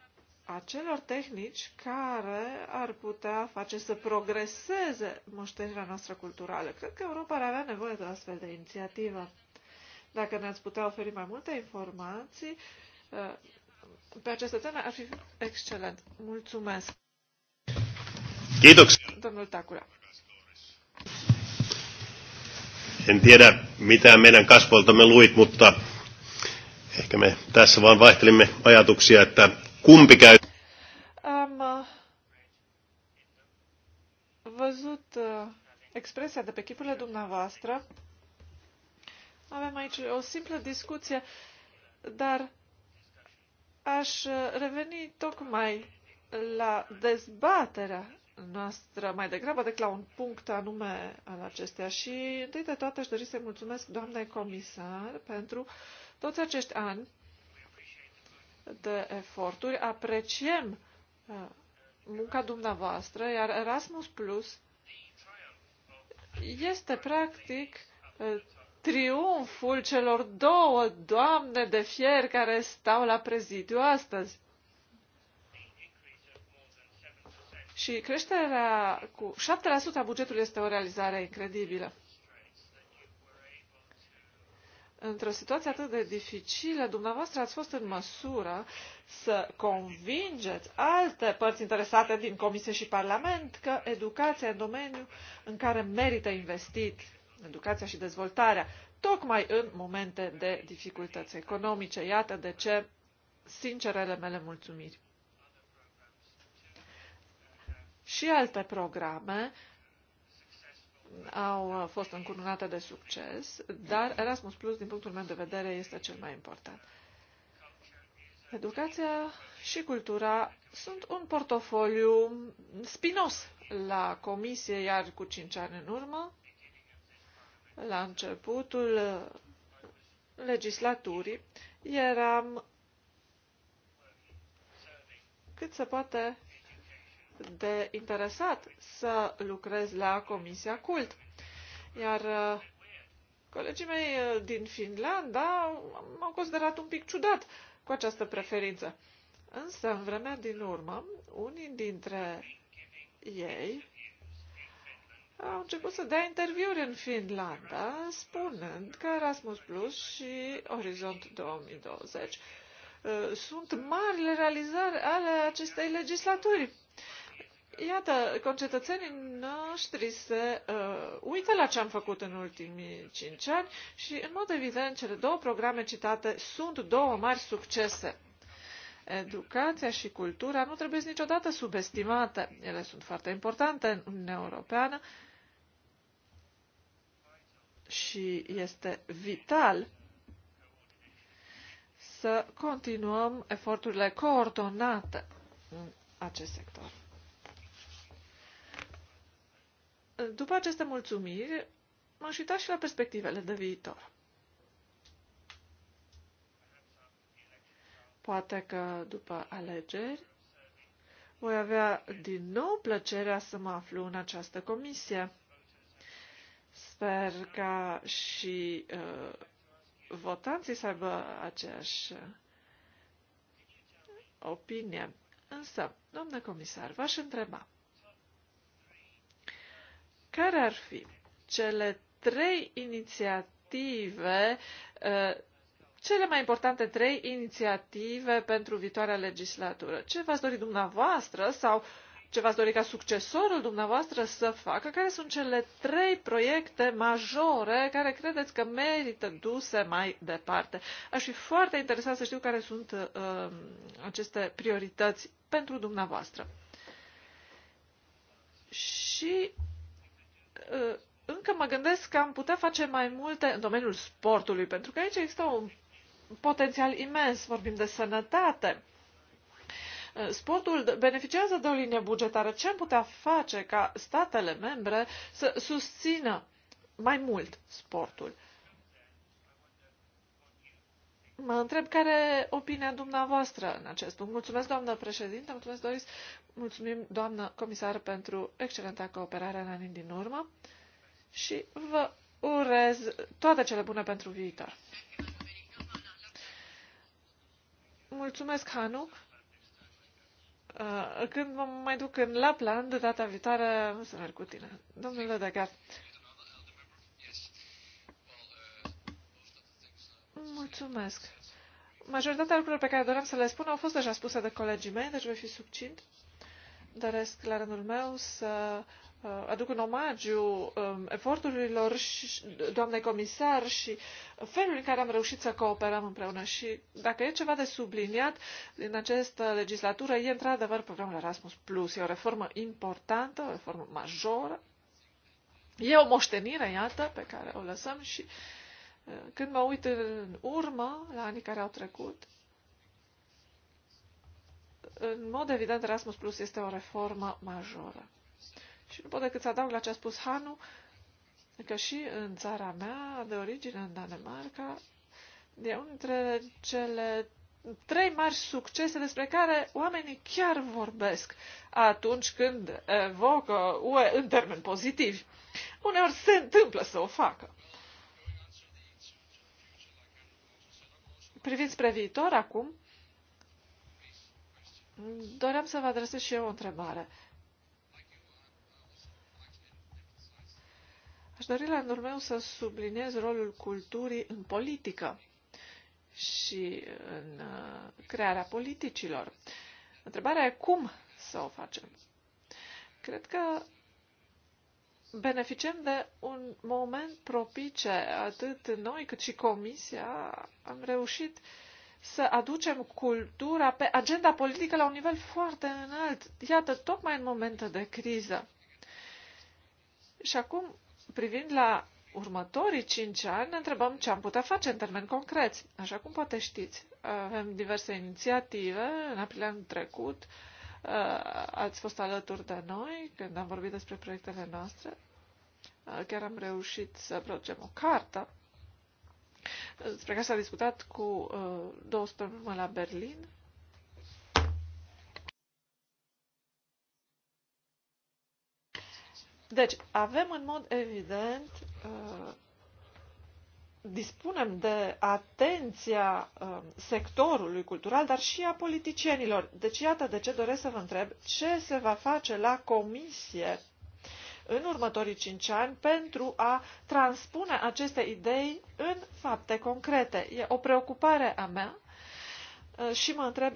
Speaker 1: acelor tehnici care ar putea face să progreseze moștenirea noastră culturală. Cred că Europa ar avea nevoie de o astfel de inițiativă. Dacă ne-ați putea oferi mai multe informații pe aceste teme, ar fi excelent. Mulțumesc! Kiitoksia. Domnul Takula.
Speaker 3: En tiedä, mitä meidän kasvoltamme luit, mutta ehkä me tässä vaan vaihtelimme ajatuksia, että kumpi käy... Am uh,
Speaker 1: văzut uh, expresia de pe chipurile dumneavoastră. Avem aici o simplă discuție, dar aș reveni tocmai la dezbaterea noastră mai degrabă decât la un punct anume al acestea. Și întâi de toate aș dori să-i mulțumesc doamnei comisar pentru toți acești ani de eforturi. Apreciem uh, munca dumneavoastră, iar Erasmus Plus este practic uh, triumful celor două doamne de fier care stau la prezidiu astăzi. Și creșterea cu 7% a bugetului este o realizare incredibilă. Într-o situație atât de dificilă, dumneavoastră ați fost în măsură să convingeți alte părți interesate din Comisie și Parlament că educația în domeniu în care merită investit, educația și dezvoltarea, tocmai în momente de dificultăți economice. Iată de ce sincerele mele mulțumiri și alte programe au fost încununate de succes, dar Erasmus Plus, din punctul meu de vedere, este cel mai important. Educația și cultura sunt un portofoliu spinos la comisie, iar cu cinci ani în urmă, la începutul legislaturii, eram cât se poate de interesat să lucrez la Comisia Cult. Iar uh, colegii mei uh, din Finlanda m-au considerat un pic ciudat cu această preferință. Însă, în vremea din urmă, unii dintre ei au început să dea interviuri în Finlanda, spunând că Erasmus Plus și Orizont 2020 uh, sunt marile realizări ale acestei legislaturi. Iată, concetățenii noștri se uh, uită la ce am făcut în ultimii cinci ani și, în mod evident, cele două programe citate sunt două mari succese. Educația și cultura nu trebuie niciodată subestimate. Ele sunt foarte importante în Uniunea Europeană și este vital să continuăm eforturile coordonate în acest sector. După aceste mulțumiri, m-aș uita și la perspectivele de viitor. Poate că după alegeri voi avea din nou plăcerea să mă aflu în această comisie. Sper ca și uh, votanții să aibă aceeași uh, opinie. Însă, domnule comisar, v-aș întreba. Care ar fi cele trei inițiative, uh, cele mai importante trei inițiative pentru viitoarea legislatură? Ce v-ați dori dumneavoastră sau ce v-ați dori ca succesorul dumneavoastră să facă? Care sunt cele trei proiecte majore care credeți că merită duse mai departe? Aș fi foarte interesat să știu care sunt uh, aceste priorități pentru dumneavoastră. Și Uh, încă mă gândesc că am putea face mai multe în domeniul sportului, pentru că aici există un potențial imens, vorbim de sănătate. Uh, sportul beneficiază de o linie bugetară. Ce am putea face ca statele membre să susțină mai mult sportul? Mă întreb care e opinia dumneavoastră în acest punct. Mulțumesc, doamnă președinte, mulțumesc, Doris, mulțumim, doamnă comisar, pentru excelenta cooperare în anii din urmă și vă urez toate cele bune pentru viitor. Mulțumesc, Hanuk, uh, Când mă mai duc în Lapland, data viitoare, să merg cu tine. Domnule Degar. Mulțumesc. Majoritatea lucrurilor pe care doream să le spun au fost deja spuse de colegii mei, deci voi fi subțint. Doresc, la rândul meu, să uh, aduc un omagiu um, eforturilor și, doamnei comisar și felul în care am reușit să cooperăm împreună. Și dacă e ceva de subliniat din această legislatură, e într-adevăr programul Erasmus Plus. E o reformă importantă, o reformă majoră. E o moștenire, iată, pe care o lăsăm și uh, când mă uit în urmă, la anii care au trecut, în mod evident Erasmus Plus este o reformă majoră. Și nu pot decât să adaug la ce a spus Hanu, că și în țara mea, de origine în Danemarca, e unul dintre cele trei mari succese despre care oamenii chiar vorbesc atunci când evocă UE în termeni pozitivi. Uneori se întâmplă să o facă. Privind spre viitor acum, doream să vă adresez și eu o întrebare. Aș dori la rândul meu să subliniez rolul culturii în politică și în uh, crearea politicilor. Întrebarea e cum să o facem. Cred că beneficiem de un moment propice, atât noi cât și Comisia am reușit să aducem cultura pe agenda politică la un nivel foarte înalt, iată, tocmai în momente de criză. Și acum, privind la următorii cinci ani, ne întrebăm ce am putea face în termeni concreți. Așa cum poate știți, avem diverse inițiative. În aprilie anul trecut uh, ați fost alături de noi când am vorbit despre proiectele noastre. Uh, chiar am reușit să producem o cartă despre care s-a discutat cu uh, două săptămâni la Berlin. Deci, avem în mod evident, uh, dispunem de atenția uh, sectorului cultural, dar și a politicienilor. Deci, iată de ce doresc să vă întreb ce se va face la comisie în următorii cinci ani pentru a transpune aceste idei în fapte concrete. E o preocupare a mea uh, și mă întreb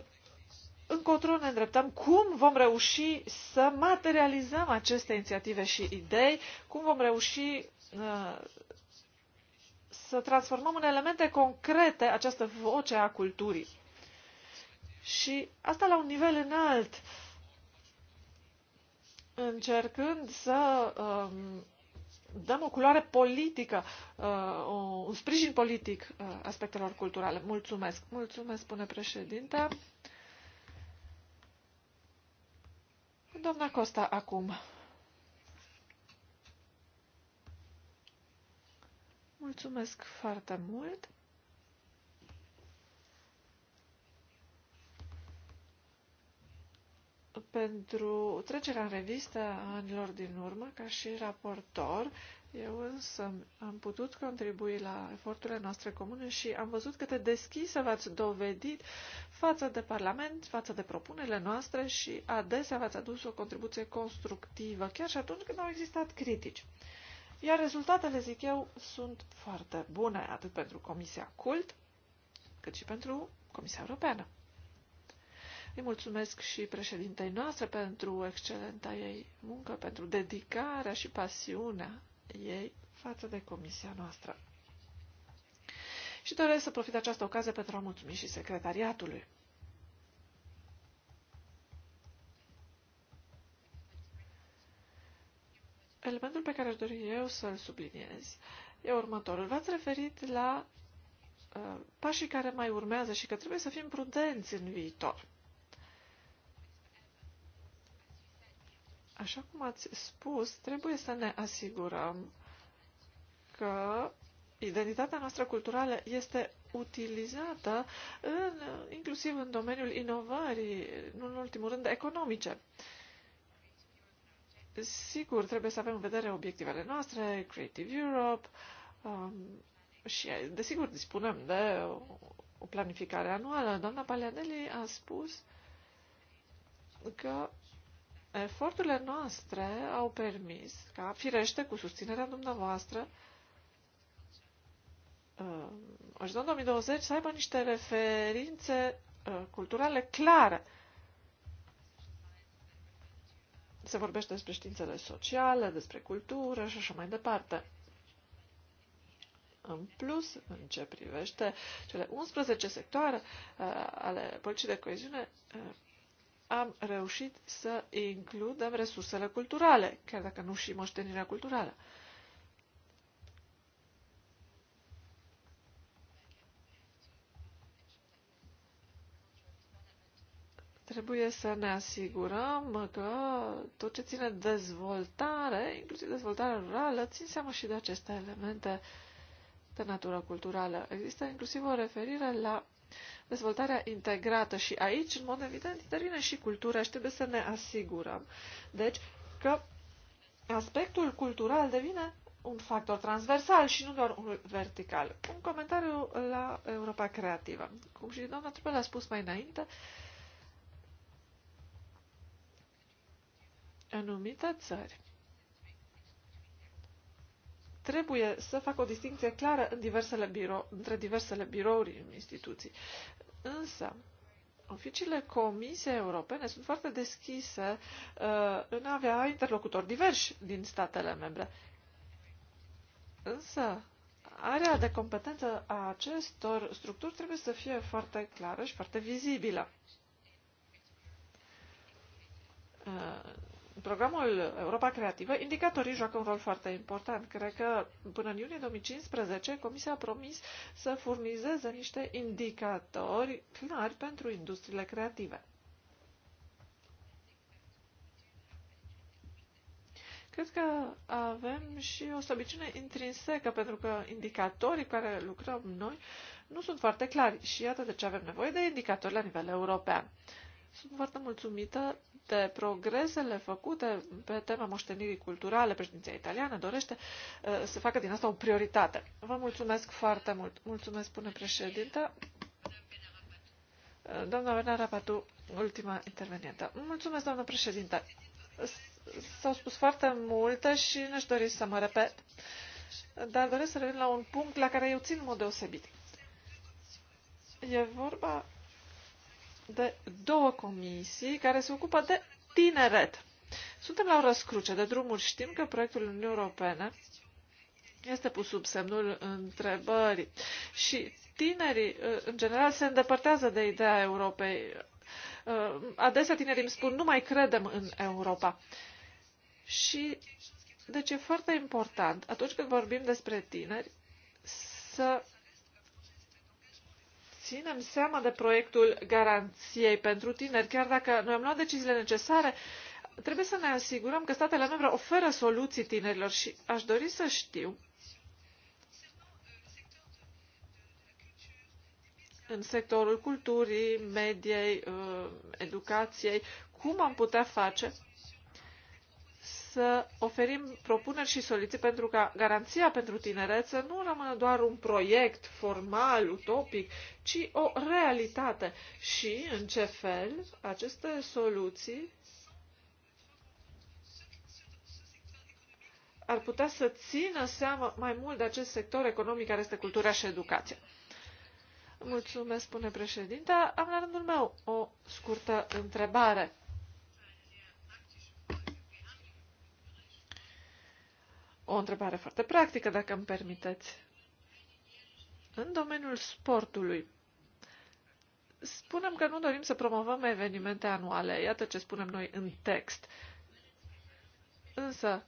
Speaker 1: încotro ne îndreptăm, cum vom reuși să materializăm aceste inițiative și idei, cum vom reuși uh, să transformăm în elemente concrete această voce a culturii. Și asta la un nivel înalt, încercând să um, dăm o culoare politică, uh, un sprijin politic uh, aspectelor culturale. Mulțumesc. Mulțumesc, spune președinte. Doamna Costa, acum. Mulțumesc foarte mult. pentru trecerea în revistă a anilor din urmă, ca și raportor, eu însă am putut contribui la eforturile noastre comune și am văzut câte deschisă v-ați dovedit față de Parlament, față de propunerile noastre și adesea v-ați adus o contribuție constructivă, chiar și atunci când au existat critici. Iar rezultatele, zic eu, sunt foarte bune, atât pentru Comisia Cult, cât și pentru Comisia Europeană. Îi mulțumesc și președintei noastre pentru excelenta ei muncă, pentru dedicarea și pasiunea ei față de comisia noastră. Și doresc să profit de această ocazie pentru a mulțumi și secretariatului. Elementul pe care aș dori eu să-l subliniez e următorul. V-ați referit la uh, pașii care mai urmează și că trebuie să fim prudenți în viitor. Așa cum ați spus, trebuie să ne asigurăm că identitatea noastră culturală este utilizată în, inclusiv în domeniul inovării, nu în ultimul rând economice. Sigur, trebuie să avem în vedere obiectivele noastre, Creative Europe, um, și desigur dispunem de o, planificare anuală. Doamna Paliadeli a spus că Eforturile noastre au permis ca, firește, cu susținerea dumneavoastră, uh, Orizont 2020 să aibă niște referințe uh, culturale clare. Se vorbește despre științele sociale, despre cultură și așa mai departe. În plus, în ce privește cele 11 sectoare uh, ale politicii de coeziune, am reușit să includem resursele culturale, chiar dacă nu și moștenirea culturală. Trebuie să ne asigurăm că tot ce ține dezvoltare, inclusiv dezvoltarea rurală, țin seama și de aceste elemente de natură culturală. Există inclusiv o referire la dezvoltarea integrată și aici, în mod evident, intervine și cultura și trebuie să ne asigurăm. Deci, că aspectul cultural devine un factor transversal și nu doar unul vertical. Un comentariu la Europa Creativă. Cum și doamna Trupel a spus mai înainte, anumite țări trebuie să fac o distinție clară în diversele biro, între diversele birouri în instituții. Însă, oficiile Comisiei Europene sunt foarte deschise uh, în a avea interlocutori diversi din statele membre. Însă, area de competență a acestor structuri trebuie să fie foarte clară și foarte vizibilă. Uh, programul Europa Creativă, indicatorii joacă un rol foarte important. Cred că până în iunie 2015 Comisia a promis să furnizeze niște indicatori clari pentru industriile creative. Cred că avem și o slăbiciune intrinsecă, pentru că indicatorii care lucrăm noi nu sunt foarte clari și iată de ce avem nevoie de indicatori la nivel european. Sunt foarte mulțumită de progresele făcute pe tema moștenirii culturale. Președinția italiană dorește uh, să facă din asta o prioritate. Vă mulțumesc foarte mult. Mulțumesc, pune președinte. Uh, doamna Bernara Rapatu, ultima intervenientă. Mulțumesc, doamnă președinte. S-au spus foarte multe și nu-și dori să mă repet, dar doresc să revin la un punct la care eu țin în mod deosebit. E vorba de două comisii care se ocupă de tineret. Suntem la o răscruce de drumuri. Știm că proiectul Uniunii Europene este pus sub semnul întrebării și tinerii, uh, în general, se îndepărtează de ideea Europei. Uh, adesea tinerii îmi spun, nu mai credem în Europa. Și deci e foarte important, atunci când vorbim despre tineri, să ținem seama de proiectul Garanției pentru Tineri. Chiar dacă noi am luat deciziile necesare, trebuie să ne asigurăm că statele membre oferă soluții tinerilor și aș dori să știu în sectorul culturii, mediei, uh, educației, cum am putea face să oferim propuneri și soluții pentru ca garanția pentru tineret să nu rămână doar un proiect formal, utopic, ci o realitate. Și în ce fel aceste soluții ar putea să țină seama mai mult de acest sector economic care este cultura și educația. Mulțumesc, spune președinta. Am la rândul meu o scurtă întrebare. o întrebare foarte practică, dacă îmi permiteți. În domeniul sportului, spunem că nu dorim să promovăm evenimente anuale. Iată ce spunem noi în text. Însă,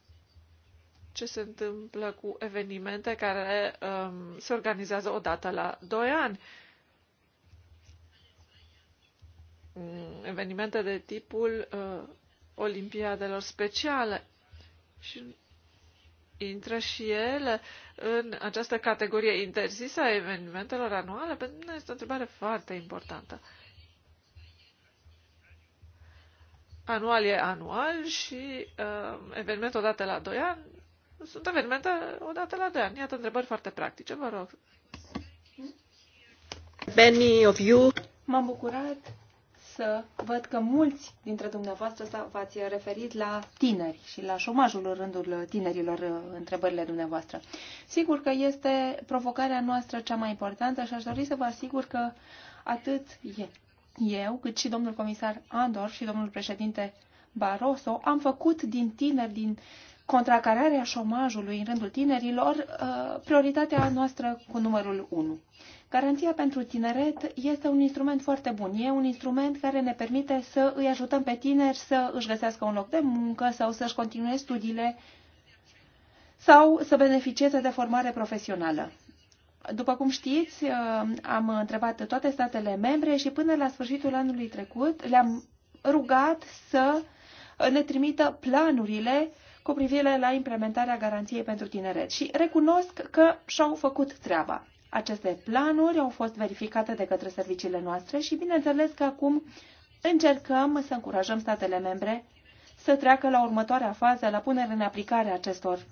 Speaker 1: ce se întâmplă cu evenimente care um, se organizează odată la 2 ani? Mm, evenimente de tipul uh, olimpiadelor speciale. Și intră și ele în această categorie interzisă a evenimentelor anuale? Pentru mine este o întrebare foarte importantă. Anual e anual și uh, eveniment odată la 2 ani sunt evenimente odată la 2 ani. Iată întrebări foarte practice, vă rog.
Speaker 3: Many of you... M-am bucurat să văd că mulți dintre dumneavoastră v-ați referit la tineri și la șomajul în rândul tinerilor uh, întrebările dumneavoastră. Sigur că este provocarea noastră cea mai importantă și aș dori să vă asigur că atât eu, cât și domnul comisar Andor și domnul președinte Barroso, am făcut din tineri, din contracararea șomajului în rândul tinerilor, uh, prioritatea noastră cu numărul 1. Garanția pentru tineret este un instrument foarte bun. E un instrument care ne permite să îi ajutăm pe tineri să își găsească un loc de muncă sau să-și continue studiile sau să beneficieze de formare profesională. După cum știți, uh, am întrebat toate statele membre și până la sfârșitul anului trecut le-am rugat să ne trimită planurile cu privire la implementarea garanției pentru tineret și recunosc că și-au făcut treaba. Aceste planuri au fost verificate de către serviciile noastre și bineînțeles că acum încercăm să încurajăm statele membre să treacă la următoarea fază, la punerea în aplicare a acestor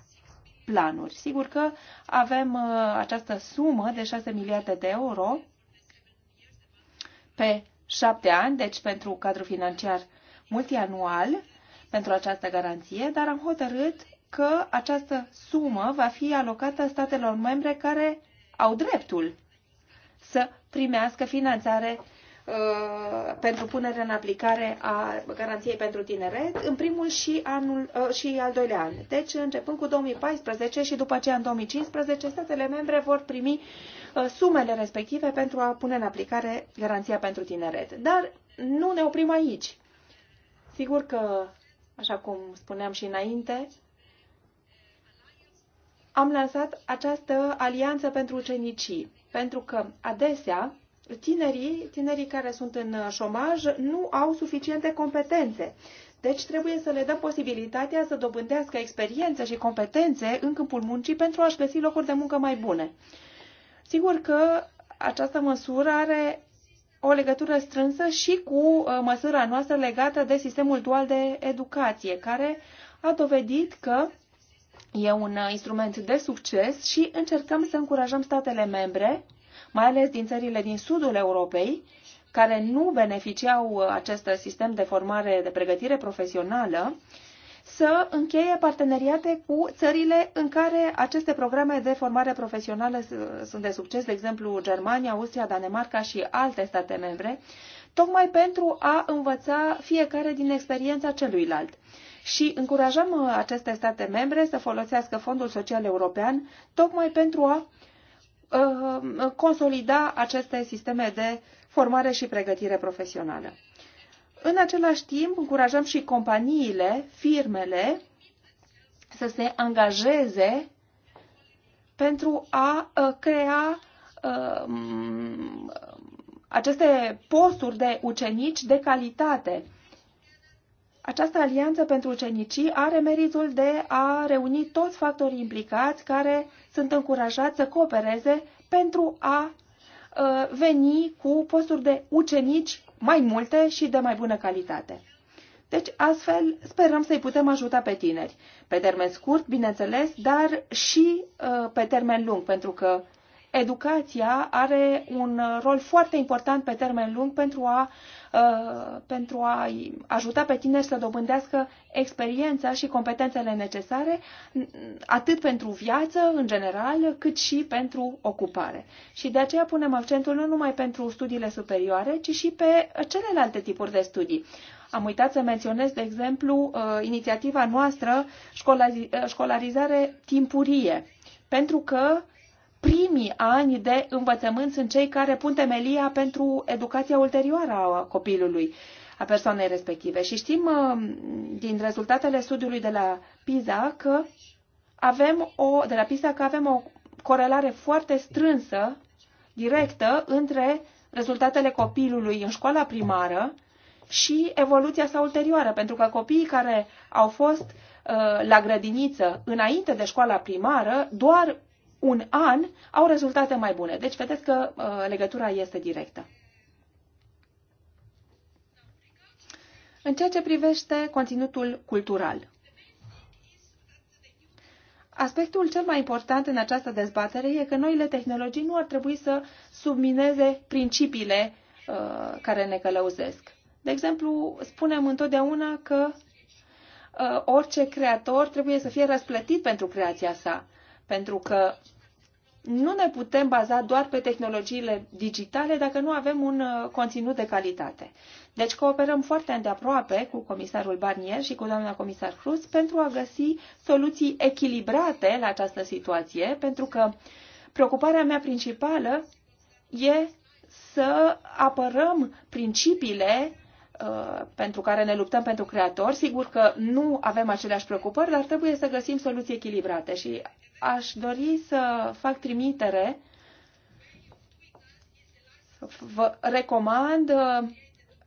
Speaker 3: planuri. Sigur că avem uh, această sumă de 6 miliarde de euro pe șapte ani, deci pentru cadru financiar multianual, pentru această garanție, dar am hotărât că această sumă va fi alocată statelor membre care au dreptul să primească finanțare uh, pentru punerea în aplicare a garanției pentru tineret în primul și, anul, uh, și al doilea an. Deci, începând cu 2014 și după aceea în 2015, statele membre vor primi uh, sumele respective pentru a pune în aplicare garanția pentru tineret. Dar nu ne oprim aici. Sigur că așa cum spuneam și înainte, am lansat această alianță pentru ucenicii, pentru că adesea tinerii, tinerii care sunt în șomaj nu au suficiente competențe. Deci trebuie să le dăm posibilitatea să dobândească experiență și competențe în câmpul muncii pentru a-și găsi locuri de muncă mai bune. Sigur că această măsură are o legătură strânsă și cu uh, măsura noastră legată de sistemul dual de educație, care a dovedit că e un uh, instrument de succes și încercăm să încurajăm statele membre, mai ales din țările din sudul Europei, care nu beneficiau uh, acest sistem de formare, de pregătire profesională, să încheie parteneriate cu țările în care aceste programe de formare profesională sunt de succes, de exemplu Germania, Austria, Danemarca și alte state membre, tocmai pentru a învăța fiecare din experiența celuilalt. Și încurajăm uh, aceste state membre să folosească Fondul Social European tocmai pentru a uh, consolida aceste sisteme de formare și pregătire profesională. În același timp, încurajăm și companiile, firmele, să se angajeze pentru a uh, crea uh, mm, aceste posturi de ucenici de calitate. Această alianță pentru ucenicii are meritul de a reuni toți factorii implicați care sunt încurajați să coopereze pentru a uh, veni cu posturi de ucenici mai multe și de mai bună calitate. Deci, astfel, sperăm să-i putem ajuta pe tineri. Pe termen scurt, bineînțeles, dar și uh, pe termen lung, pentru că educația are un rol foarte important pe termen lung pentru a Uh, pentru a ajuta pe tineri să dobândească experiența și competențele necesare, atât pentru viață în general, cât și pentru ocupare. Și de aceea punem accentul nu numai pentru studiile superioare, ci și pe celelalte tipuri de studii. Am uitat să menționez, de exemplu, uh, inițiativa noastră uh, școlarizare timpurie, pentru că primii ani de învățământ sunt cei care pun temelia pentru educația ulterioară a copilului, a persoanei respective. Și știm uh, din rezultatele studiului de la PISA că avem o, de la PISA că avem o corelare foarte strânsă, directă, între rezultatele copilului în școala primară și evoluția sa ulterioară, pentru că copiii care au fost uh, la grădiniță înainte de școala primară, doar un an, au rezultate mai bune. Deci vedeți că uh, legătura este directă. În ceea ce privește conținutul cultural, aspectul cel mai important în această dezbatere e că noile tehnologii nu ar trebui să submineze principiile uh, care ne călăuzesc. De exemplu, spunem întotdeauna că uh, orice creator trebuie să fie răsplătit pentru creația sa pentru că nu ne putem baza doar pe tehnologiile digitale dacă nu avem un uh, conținut de calitate. Deci cooperăm foarte îndeaproape cu comisarul Barnier și cu doamna comisar Cruz pentru a găsi soluții echilibrate la această situație, pentru că preocuparea mea principală e să apărăm principiile uh, pentru care ne luptăm pentru creatori. Sigur că nu avem aceleași preocupări, dar trebuie să găsim soluții echilibrate și aș dori să fac trimitere, vă recomand uh,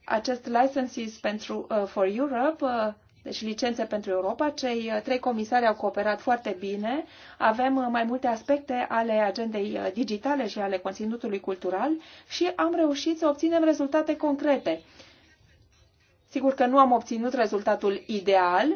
Speaker 3: acest Licenses pentru, uh, for Europe, uh, deci licențe pentru Europa. Cei trei comisari au cooperat foarte bine. Avem mai multe aspecte ale agendei digitale și ale conținutului cultural și am reușit să obținem rezultate concrete. Sigur că nu am obținut rezultatul ideal,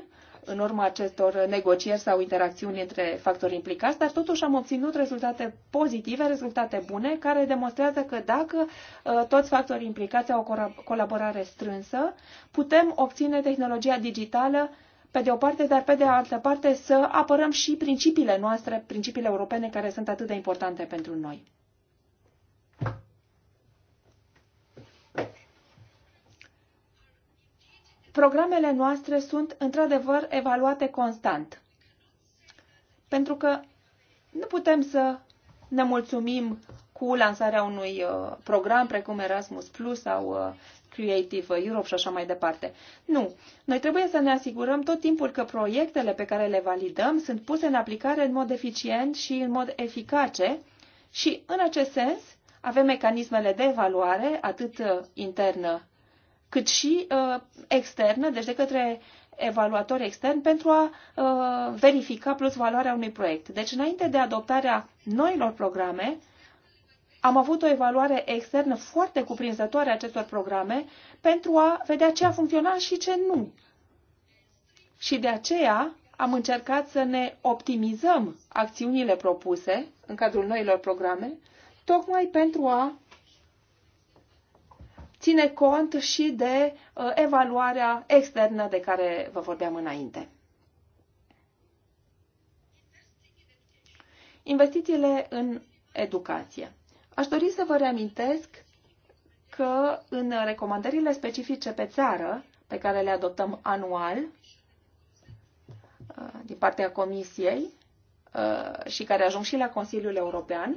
Speaker 3: în urma acestor negocieri sau interacțiuni între factori implicați, dar totuși am obținut rezultate pozitive, rezultate bune, care demonstrează că dacă uh, toți factorii implicați au o colaborare strânsă, putem obține tehnologia digitală pe de o parte, dar pe de altă parte să apărăm și principiile noastre, principiile europene care sunt atât de importante pentru noi. programele noastre sunt într-adevăr evaluate constant. Pentru că nu putem să ne mulțumim cu lansarea unui uh, program precum Erasmus Plus sau uh, Creative Europe și așa mai departe. Nu. Noi trebuie să ne asigurăm tot timpul că proiectele pe care le validăm sunt puse în aplicare în mod eficient și în mod eficace și, în acest sens, avem mecanismele de evaluare, atât uh, internă cât și uh, externă, deci de către evaluatori externi pentru a uh, verifica plus valoarea unui proiect. Deci înainte de adoptarea noilor programe, am avut o evaluare externă foarte cuprinzătoare a acestor programe pentru a vedea ce a funcționat și ce nu. Și de aceea am încercat să ne optimizăm acțiunile propuse în cadrul noilor programe, tocmai pentru a ține cont și de uh, evaluarea externă de care vă vorbeam înainte. Investițiile în educație. Aș dori să vă reamintesc că în recomandările specifice pe țară, pe care le adoptăm anual uh, din partea Comisiei uh, și care ajung și la Consiliul European,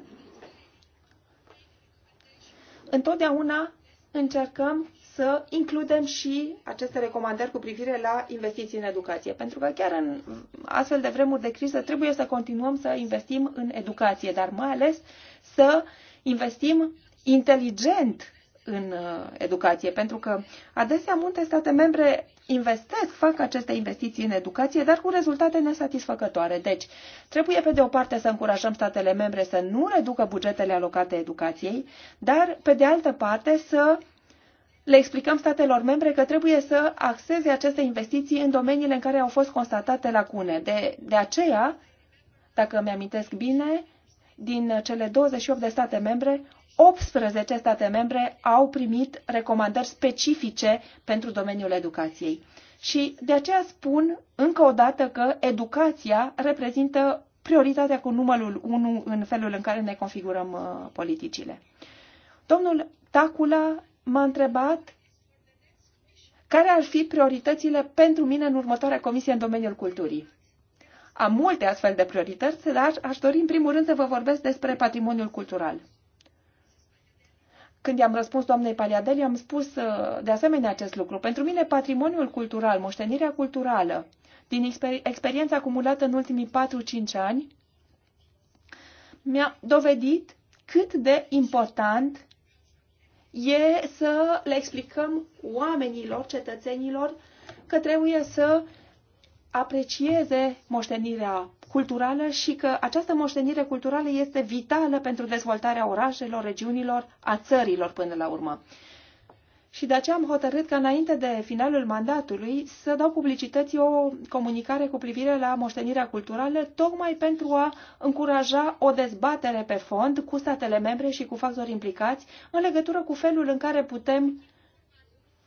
Speaker 3: întotdeauna încercăm să includem și aceste recomandări cu privire la investiții în educație. Pentru că chiar în astfel de vremuri de criză trebuie să continuăm să investim în educație, dar mai ales să investim inteligent în uh, educație, pentru că adesea multe state membre investesc, fac aceste investiții în educație, dar cu rezultate nesatisfăcătoare. Deci, trebuie pe de o parte să încurajăm statele membre să nu reducă bugetele alocate educației, dar pe de altă parte să le explicăm statelor membre că trebuie să axeze aceste investiții în domeniile în care au fost constatate lacune. De, de aceea, dacă mi-amintesc bine, din cele 28 de state membre, 18 state membre au primit recomandări specifice pentru domeniul educației. Și de aceea spun încă o dată că educația reprezintă prioritatea cu numărul 1 în felul în care ne configurăm uh, politicile. Domnul Tacula m-a întrebat care ar fi prioritățile pentru mine în următoarea comisie în domeniul culturii. Am multe astfel de priorități, dar aș dori în primul rând să vă vorbesc despre patrimoniul cultural. Când i-am răspuns doamnei Paliadeli, am spus uh, de asemenea acest lucru. Pentru mine, patrimoniul cultural, moștenirea culturală, din exper experiența acumulată în ultimii 4-5 ani, mi-a dovedit cât de important e să le explicăm oamenilor, cetățenilor, că trebuie să aprecieze moștenirea culturală și că această moștenire culturală este vitală pentru dezvoltarea orașelor, regiunilor, a țărilor până la urmă. Și de aceea am hotărât că înainte de finalul mandatului să dau publicității o comunicare cu privire la moștenirea culturală, tocmai pentru a încuraja o dezbatere pe fond cu statele membre și cu factori implicați în legătură cu felul în care putem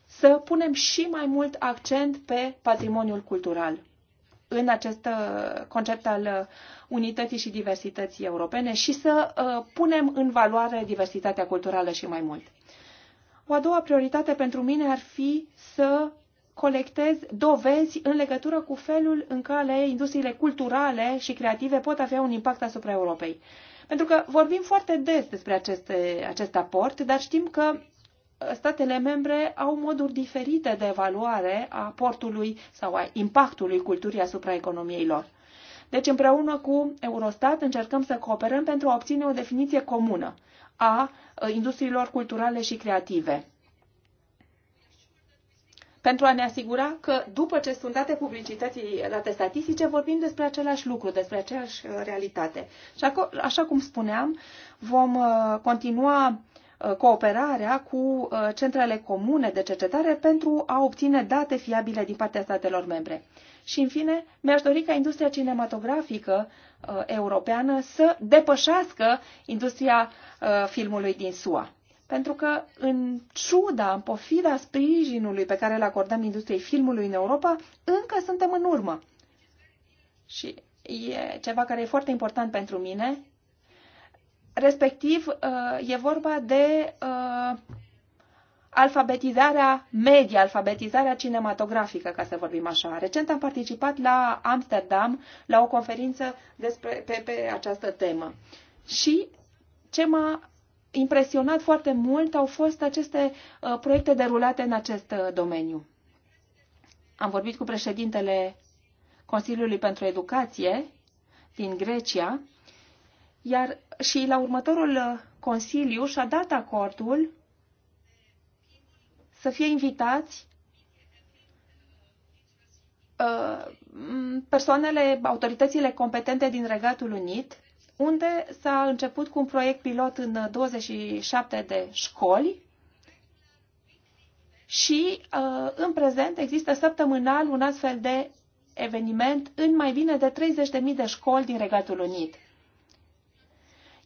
Speaker 3: să punem și mai mult accent pe patrimoniul cultural în acest uh, concept al uh, unității și diversității europene și să uh, punem în valoare diversitatea culturală și mai mult. O a doua prioritate pentru mine ar fi să colectez dovezi în legătură cu felul în care industriile culturale și creative pot avea un impact asupra Europei. Pentru că vorbim foarte des despre aceste, acest aport, dar știm că statele membre au moduri diferite de evaluare a aportului sau a impactului culturii asupra economiei lor. Deci, împreună cu Eurostat, încercăm să cooperăm pentru a obține o definiție comună a uh, industriilor culturale și creative. Pentru a ne asigura că, după ce sunt date publicității, date statistice, vorbim despre același lucru, despre aceeași uh, realitate. Și așa cum spuneam, vom uh, continua Uh, cooperarea cu uh, centrele comune de cercetare pentru a obține date fiabile din partea statelor membre. Și, în fine, mi-aș dori ca industria cinematografică uh, europeană să depășească industria filmului din SUA. Pentru că, în ciuda, în pofida sprijinului pe care îl acordăm industriei filmului în Europa, încă suntem în urmă. Și e ceva care e foarte important pentru mine, respectiv uh, e vorba de uh, alfabetizarea media, alfabetizarea cinematografică, ca să vorbim așa. Recent am participat la Amsterdam la o conferință despre, pe, pe această temă. Și ce m-a impresionat foarte mult au fost aceste uh, proiecte derulate în acest uh, domeniu. Am vorbit cu președintele Consiliului pentru Educație din Grecia iar și la următorul uh, Consiliu și-a dat acordul să fie invitați uh, persoanele, autoritățile competente din Regatul Unit, unde s-a început cu un proiect pilot în 27 uh, de școli și în prezent există săptămânal un astfel de eveniment în mai bine de 30.000 de școli din Regatul Unit.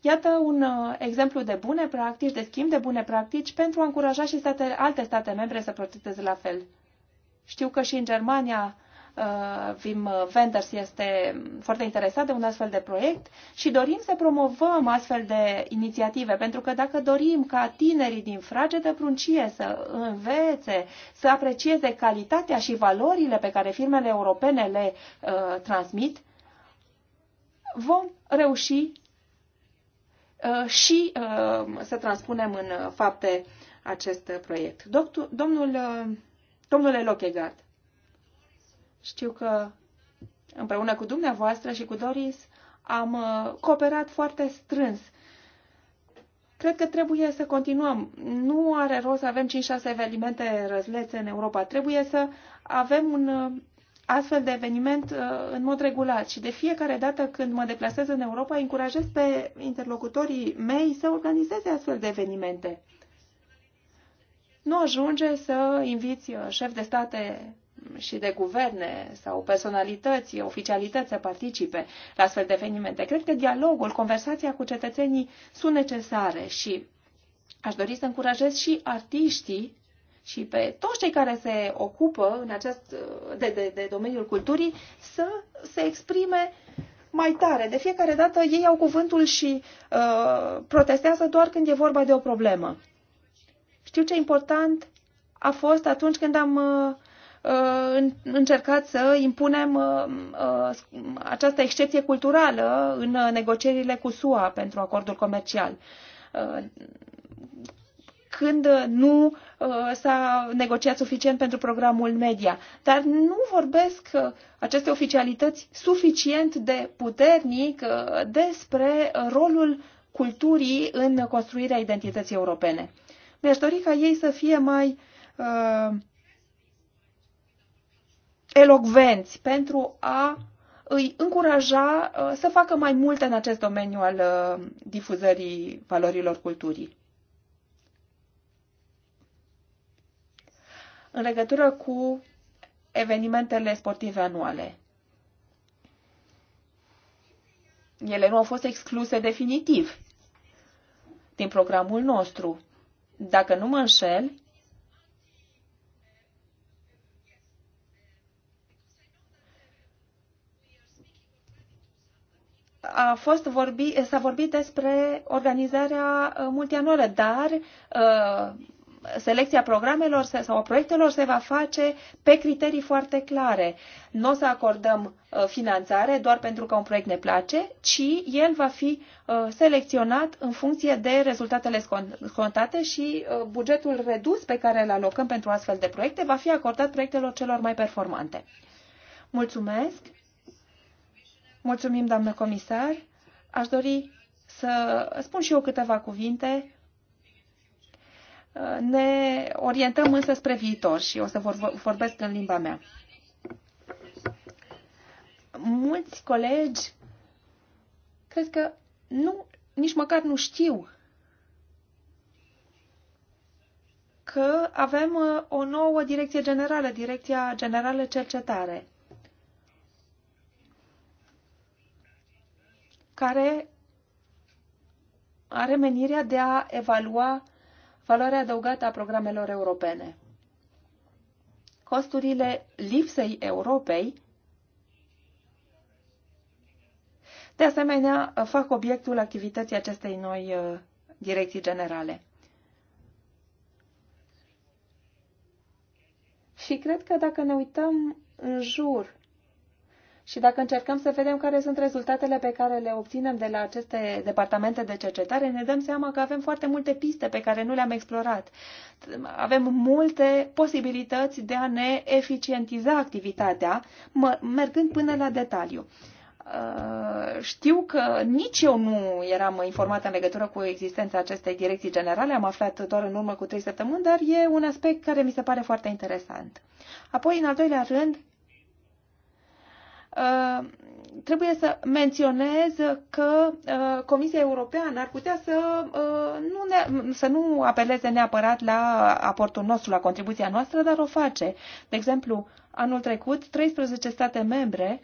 Speaker 3: Iată un uh, exemplu de bune practici, de schimb de bune practici pentru a încuraja și state, alte state membre să protecteze la fel. Știu că și în Germania Vim uh, Wenders este foarte interesat de un astfel de proiect și dorim să promovăm astfel de inițiative, pentru că dacă dorim ca tinerii din fragedă pruncie să învețe, să aprecieze calitatea și valorile pe care firmele europene le uh, transmit, vom reuși Uh, și uh, să transpunem în uh, fapte acest proiect. Doctor, domnul, domnule Lochegard, știu că împreună cu dumneavoastră și cu Doris am cooperat foarte strâns. Cred că trebuie să continuăm. Nu are rost să avem 5-6 evenimente răzlețe în Europa. Trebuie să avem un astfel de eveniment uh, în mod regulat și de fiecare dată când mă deplasez în Europa, încurajez pe interlocutorii mei să organizeze astfel de evenimente. Nu ajunge să inviți uh, șef de state și de guverne sau personalități, oficialități să participe la astfel de evenimente. Cred că dialogul, conversația cu cetățenii sunt necesare și aș dori să încurajez și artiștii și pe toți cei care se ocupă în acest, de, de, de domeniul culturii să se exprime mai tare. De fiecare dată ei au cuvântul și uh, protestează doar când e vorba de o problemă. Știu ce important a fost atunci când am uh, uh încercat să impunem uh, uh, această excepție culturală în negocierile cu SUA pentru acordul comercial când uh, nu uh, s-a negociat suficient pentru programul media. Dar nu vorbesc uh, aceste oficialități suficient de puternic despre rolul culturii în construirea identității europene. Mi-aș dori ca ei să fie mai uh, elocvenți pentru a îi încuraja să facă mai mult în acest domeniu al difuzării valorilor culturii. în legătură cu evenimentele sportive anuale. Ele nu au fost excluse definitiv din programul nostru. Dacă nu mă înșel, a fost vorbi, s-a vorbit despre organizarea uh, multianuală, dar uh, selecția programelor sau a proiectelor se va face pe criterii foarte clare. Nu o să acordăm uh, finanțare doar pentru că un proiect ne place, ci el va fi uh, selecționat în funcție de rezultatele scontate și uh, bugetul redus pe care îl alocăm pentru astfel de proiecte va fi acordat proiectelor celor mai performante. Mulțumesc! Mulțumim, doamnă comisar! Aș dori să spun și eu câteva cuvinte ne orientăm însă spre viitor și o să vorbesc în limba mea. Mulți colegi cred că nu, nici măcar nu știu că avem uh, o nouă direcție generală, Direcția Generală Cercetare, care are menirea de a evalua valoarea adăugată a programelor europene. Costurile lipsei Europei de asemenea fac obiectul activității acestei noi uh, direcții generale. Și cred că dacă ne uităm în jur și dacă încercăm să vedem care sunt rezultatele pe care le obținem de la aceste departamente de cercetare, ne dăm seama că avem foarte multe piste pe care nu le-am explorat. Avem multe posibilități de a ne eficientiza activitatea, mergând până la detaliu uh, știu că nici eu nu eram informată în legătură cu existența acestei direcții generale, am aflat doar în urmă cu trei săptămâni, dar e un aspect care mi se pare foarte interesant. Apoi, în al doilea rând, Uh, trebuie să menționez că uh, Comisia Europeană ar putea să uh, nu, ne, să nu apeleze neapărat la aportul nostru, la contribuția noastră, dar o face. De exemplu, anul trecut, 13 state membre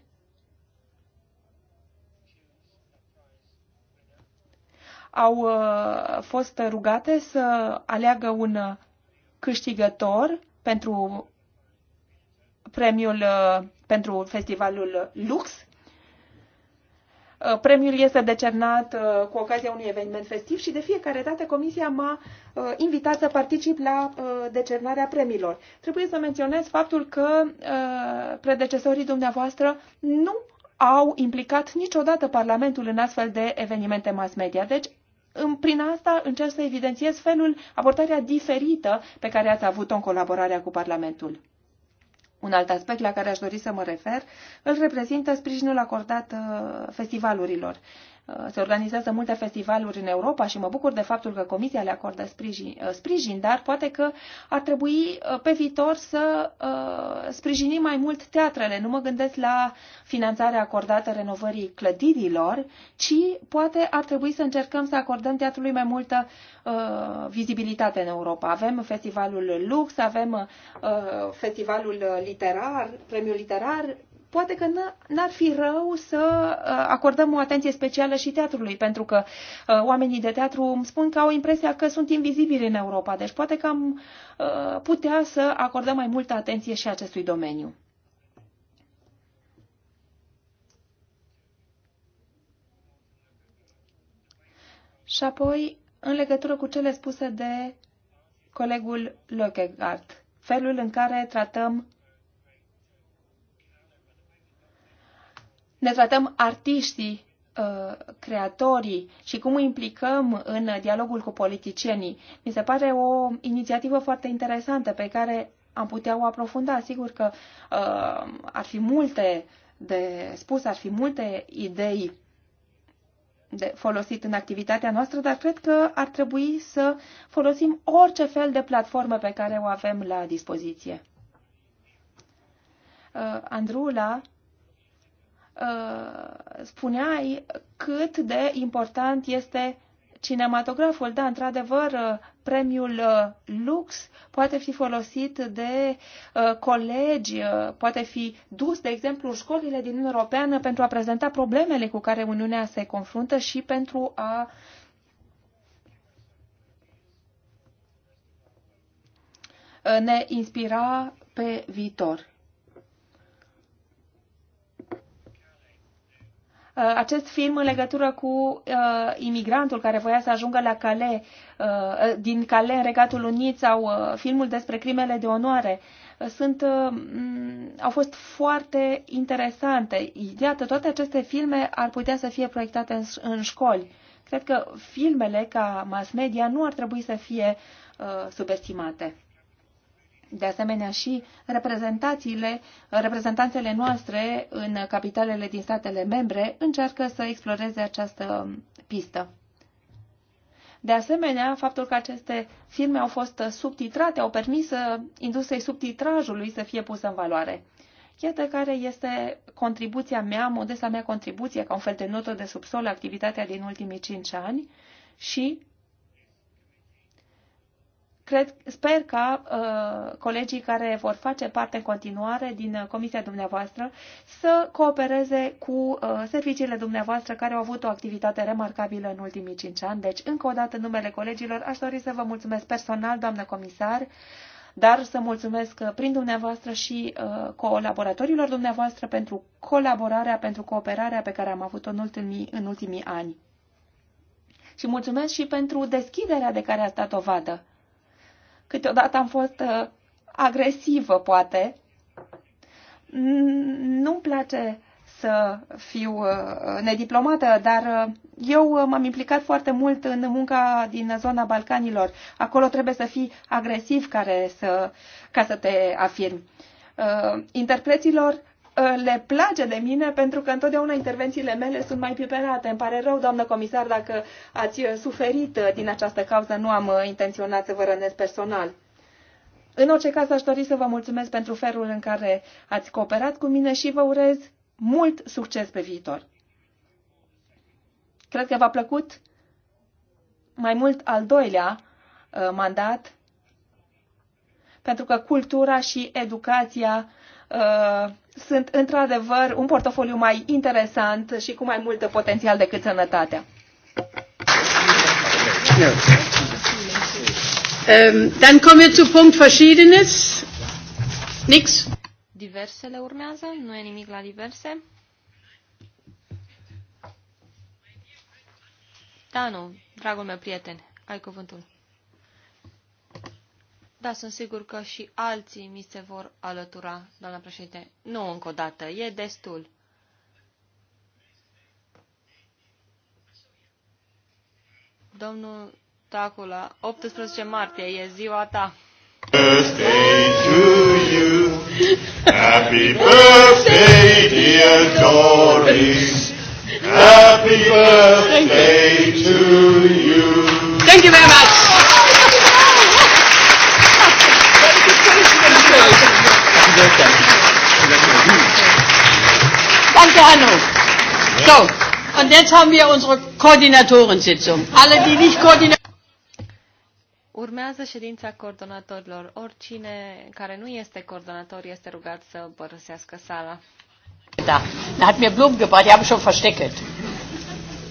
Speaker 3: au fost rugate să aleagă un câștigător pentru premiul uh, pentru festivalul Lux. Uh, premiul este decernat uh, cu ocazia unui eveniment festiv și de fiecare dată comisia m-a invitat să particip la decernarea premiilor. Trebuie să menționez faptul că predecesorii dumneavoastră nu au implicat niciodată Parlamentul în astfel de evenimente mass media. Deci, în, prin asta încerc să evidențiez felul, abordarea diferită pe care ați avut-o în colaborarea cu Parlamentul. Un alt aspect la care aș dori să mă refer îl reprezintă sprijinul acordat uh, festivalurilor. Uh, se organizează multe festivaluri în Europa și mă bucur de faptul că Comisia le acordă sprijin, uh, sprijin dar poate că ar trebui uh, pe viitor să sprijinim mai mult teatrele. Nu mă gândesc la finanțarea acordată renovării clădirilor, ci poate ar trebui să încercăm să acordăm teatrului mai multă vizibilitate în Europa. Avem festivalul Lux, avem festivalul literar, premiul literar, poate că n-ar fi rău să uh, acordăm o atenție specială și teatrului, pentru că uh, oamenii de teatru îmi spun că au impresia că sunt invizibili în Europa, deci poate că am uh, putea să acordăm mai multă atenție și acestui domeniu. Și apoi, în legătură cu cele spuse de colegul Lockegaard, felul în care tratăm ne tratăm artiștii, uh, creatorii și cum îi implicăm în dialogul cu politicienii. Mi se pare o inițiativă foarte interesantă pe care am putea o aprofunda. Sigur că uh, ar fi multe de spus, ar fi multe idei de folosit în activitatea noastră, dar cred că ar trebui să folosim orice fel de platformă pe care o avem la dispoziție. Uh, Andrula Uh, spuneai cât de important este cinematograful. Da, într-adevăr, uh, premiul uh, Lux poate fi folosit de colegi, poate fi dus, de exemplu, școlile din Uniunea Europeană pentru a prezenta problemele cu care Uniunea se confruntă și pentru a ne inspira pe viitor. Uh, acest film în legătură cu uh, imigrantul care voia să ajungă la Calais, uh, uh din Calais în Regatul Unit sau uh, filmul despre crimele de onoare. Uh, sunt, uh, au fost foarte interesante. Iată, toate aceste filme ar putea să fie proiectate în, în școli. Cred că filmele ca mass media nu ar trebui să fie uh, subestimate de asemenea și reprezentațiile, reprezentanțele noastre în capitalele din statele membre încearcă să exploreze această pistă. De asemenea, faptul că aceste filme au fost subtitrate au permis industriei subtitrajului să fie pusă în valoare. Iată care este contribuția mea, modesta mea contribuție, ca un fel de notă de subsol, activitatea din ultimii cinci ani și Cred, sper ca uh, colegii care vor face parte în continuare din uh, comisia dumneavoastră să coopereze cu uh, serviciile dumneavoastră care au avut o activitate remarcabilă în ultimii cinci ani. Deci, încă o dată, în numele colegilor, aș dori să vă mulțumesc personal, doamnă comisar, dar să mulțumesc uh, prin dumneavoastră și uh, colaboratorilor dumneavoastră pentru colaborarea, pentru cooperarea pe care am avut-o în ultimii, în ultimii ani. Și mulțumesc și pentru deschiderea de care ați dat dovadă Câteodată am fost uh, agresivă, poate. Nu-mi place să fiu uh, nediplomată, dar uh, eu m-am implicat foarte mult în munca din zona Balcanilor. Acolo trebuie să fii agresiv care să, ca să te afirmi. Interpreților le place de mine pentru că întotdeauna intervențiile mele sunt mai piperate. Îmi pare rău, doamnă comisar, dacă ați uh, suferit uh, din această cauză. Nu am uh, intenționat să vă rănesc personal. În orice caz, aș dori să vă mulțumesc pentru felul în care ați cooperat cu mine și vă urez mult succes pe viitor. Cred că v-a plăcut mai mult al doilea mandat, pentru că cultura și educația Uh, sunt într-adevăr un portofoliu mai interesant și cu mai mult potențial decât sănătatea.
Speaker 1: No. Um, dann kommen wir zu Punkt Verschiedenes. Nix.
Speaker 2: Diversele urmează, nu e nimic la diverse. Da, nu, dragul meu prieten, ai cuvântul. Da, sunt sigur că și alții mi se vor alătura, doamna președinte. Nu încă o dată, e destul. Domnul Tacula, 18 martie e ziua ta.
Speaker 1: Birthday
Speaker 3: to you.
Speaker 2: Happy birthday, dear
Speaker 3: Doris. Happy birthday to you.
Speaker 2: Thank you very much.
Speaker 3: Danke, Hanno. So, und jetzt haben wir unsere Koordinatorensitzung. Alle, die nicht Koordinatoren
Speaker 2: Urmează ședința coordonatorilor. Oricine care nu este coordonator este rugat să părăsească sala. Da, da hat mir Blumen gebracht, die habe schon versteckt.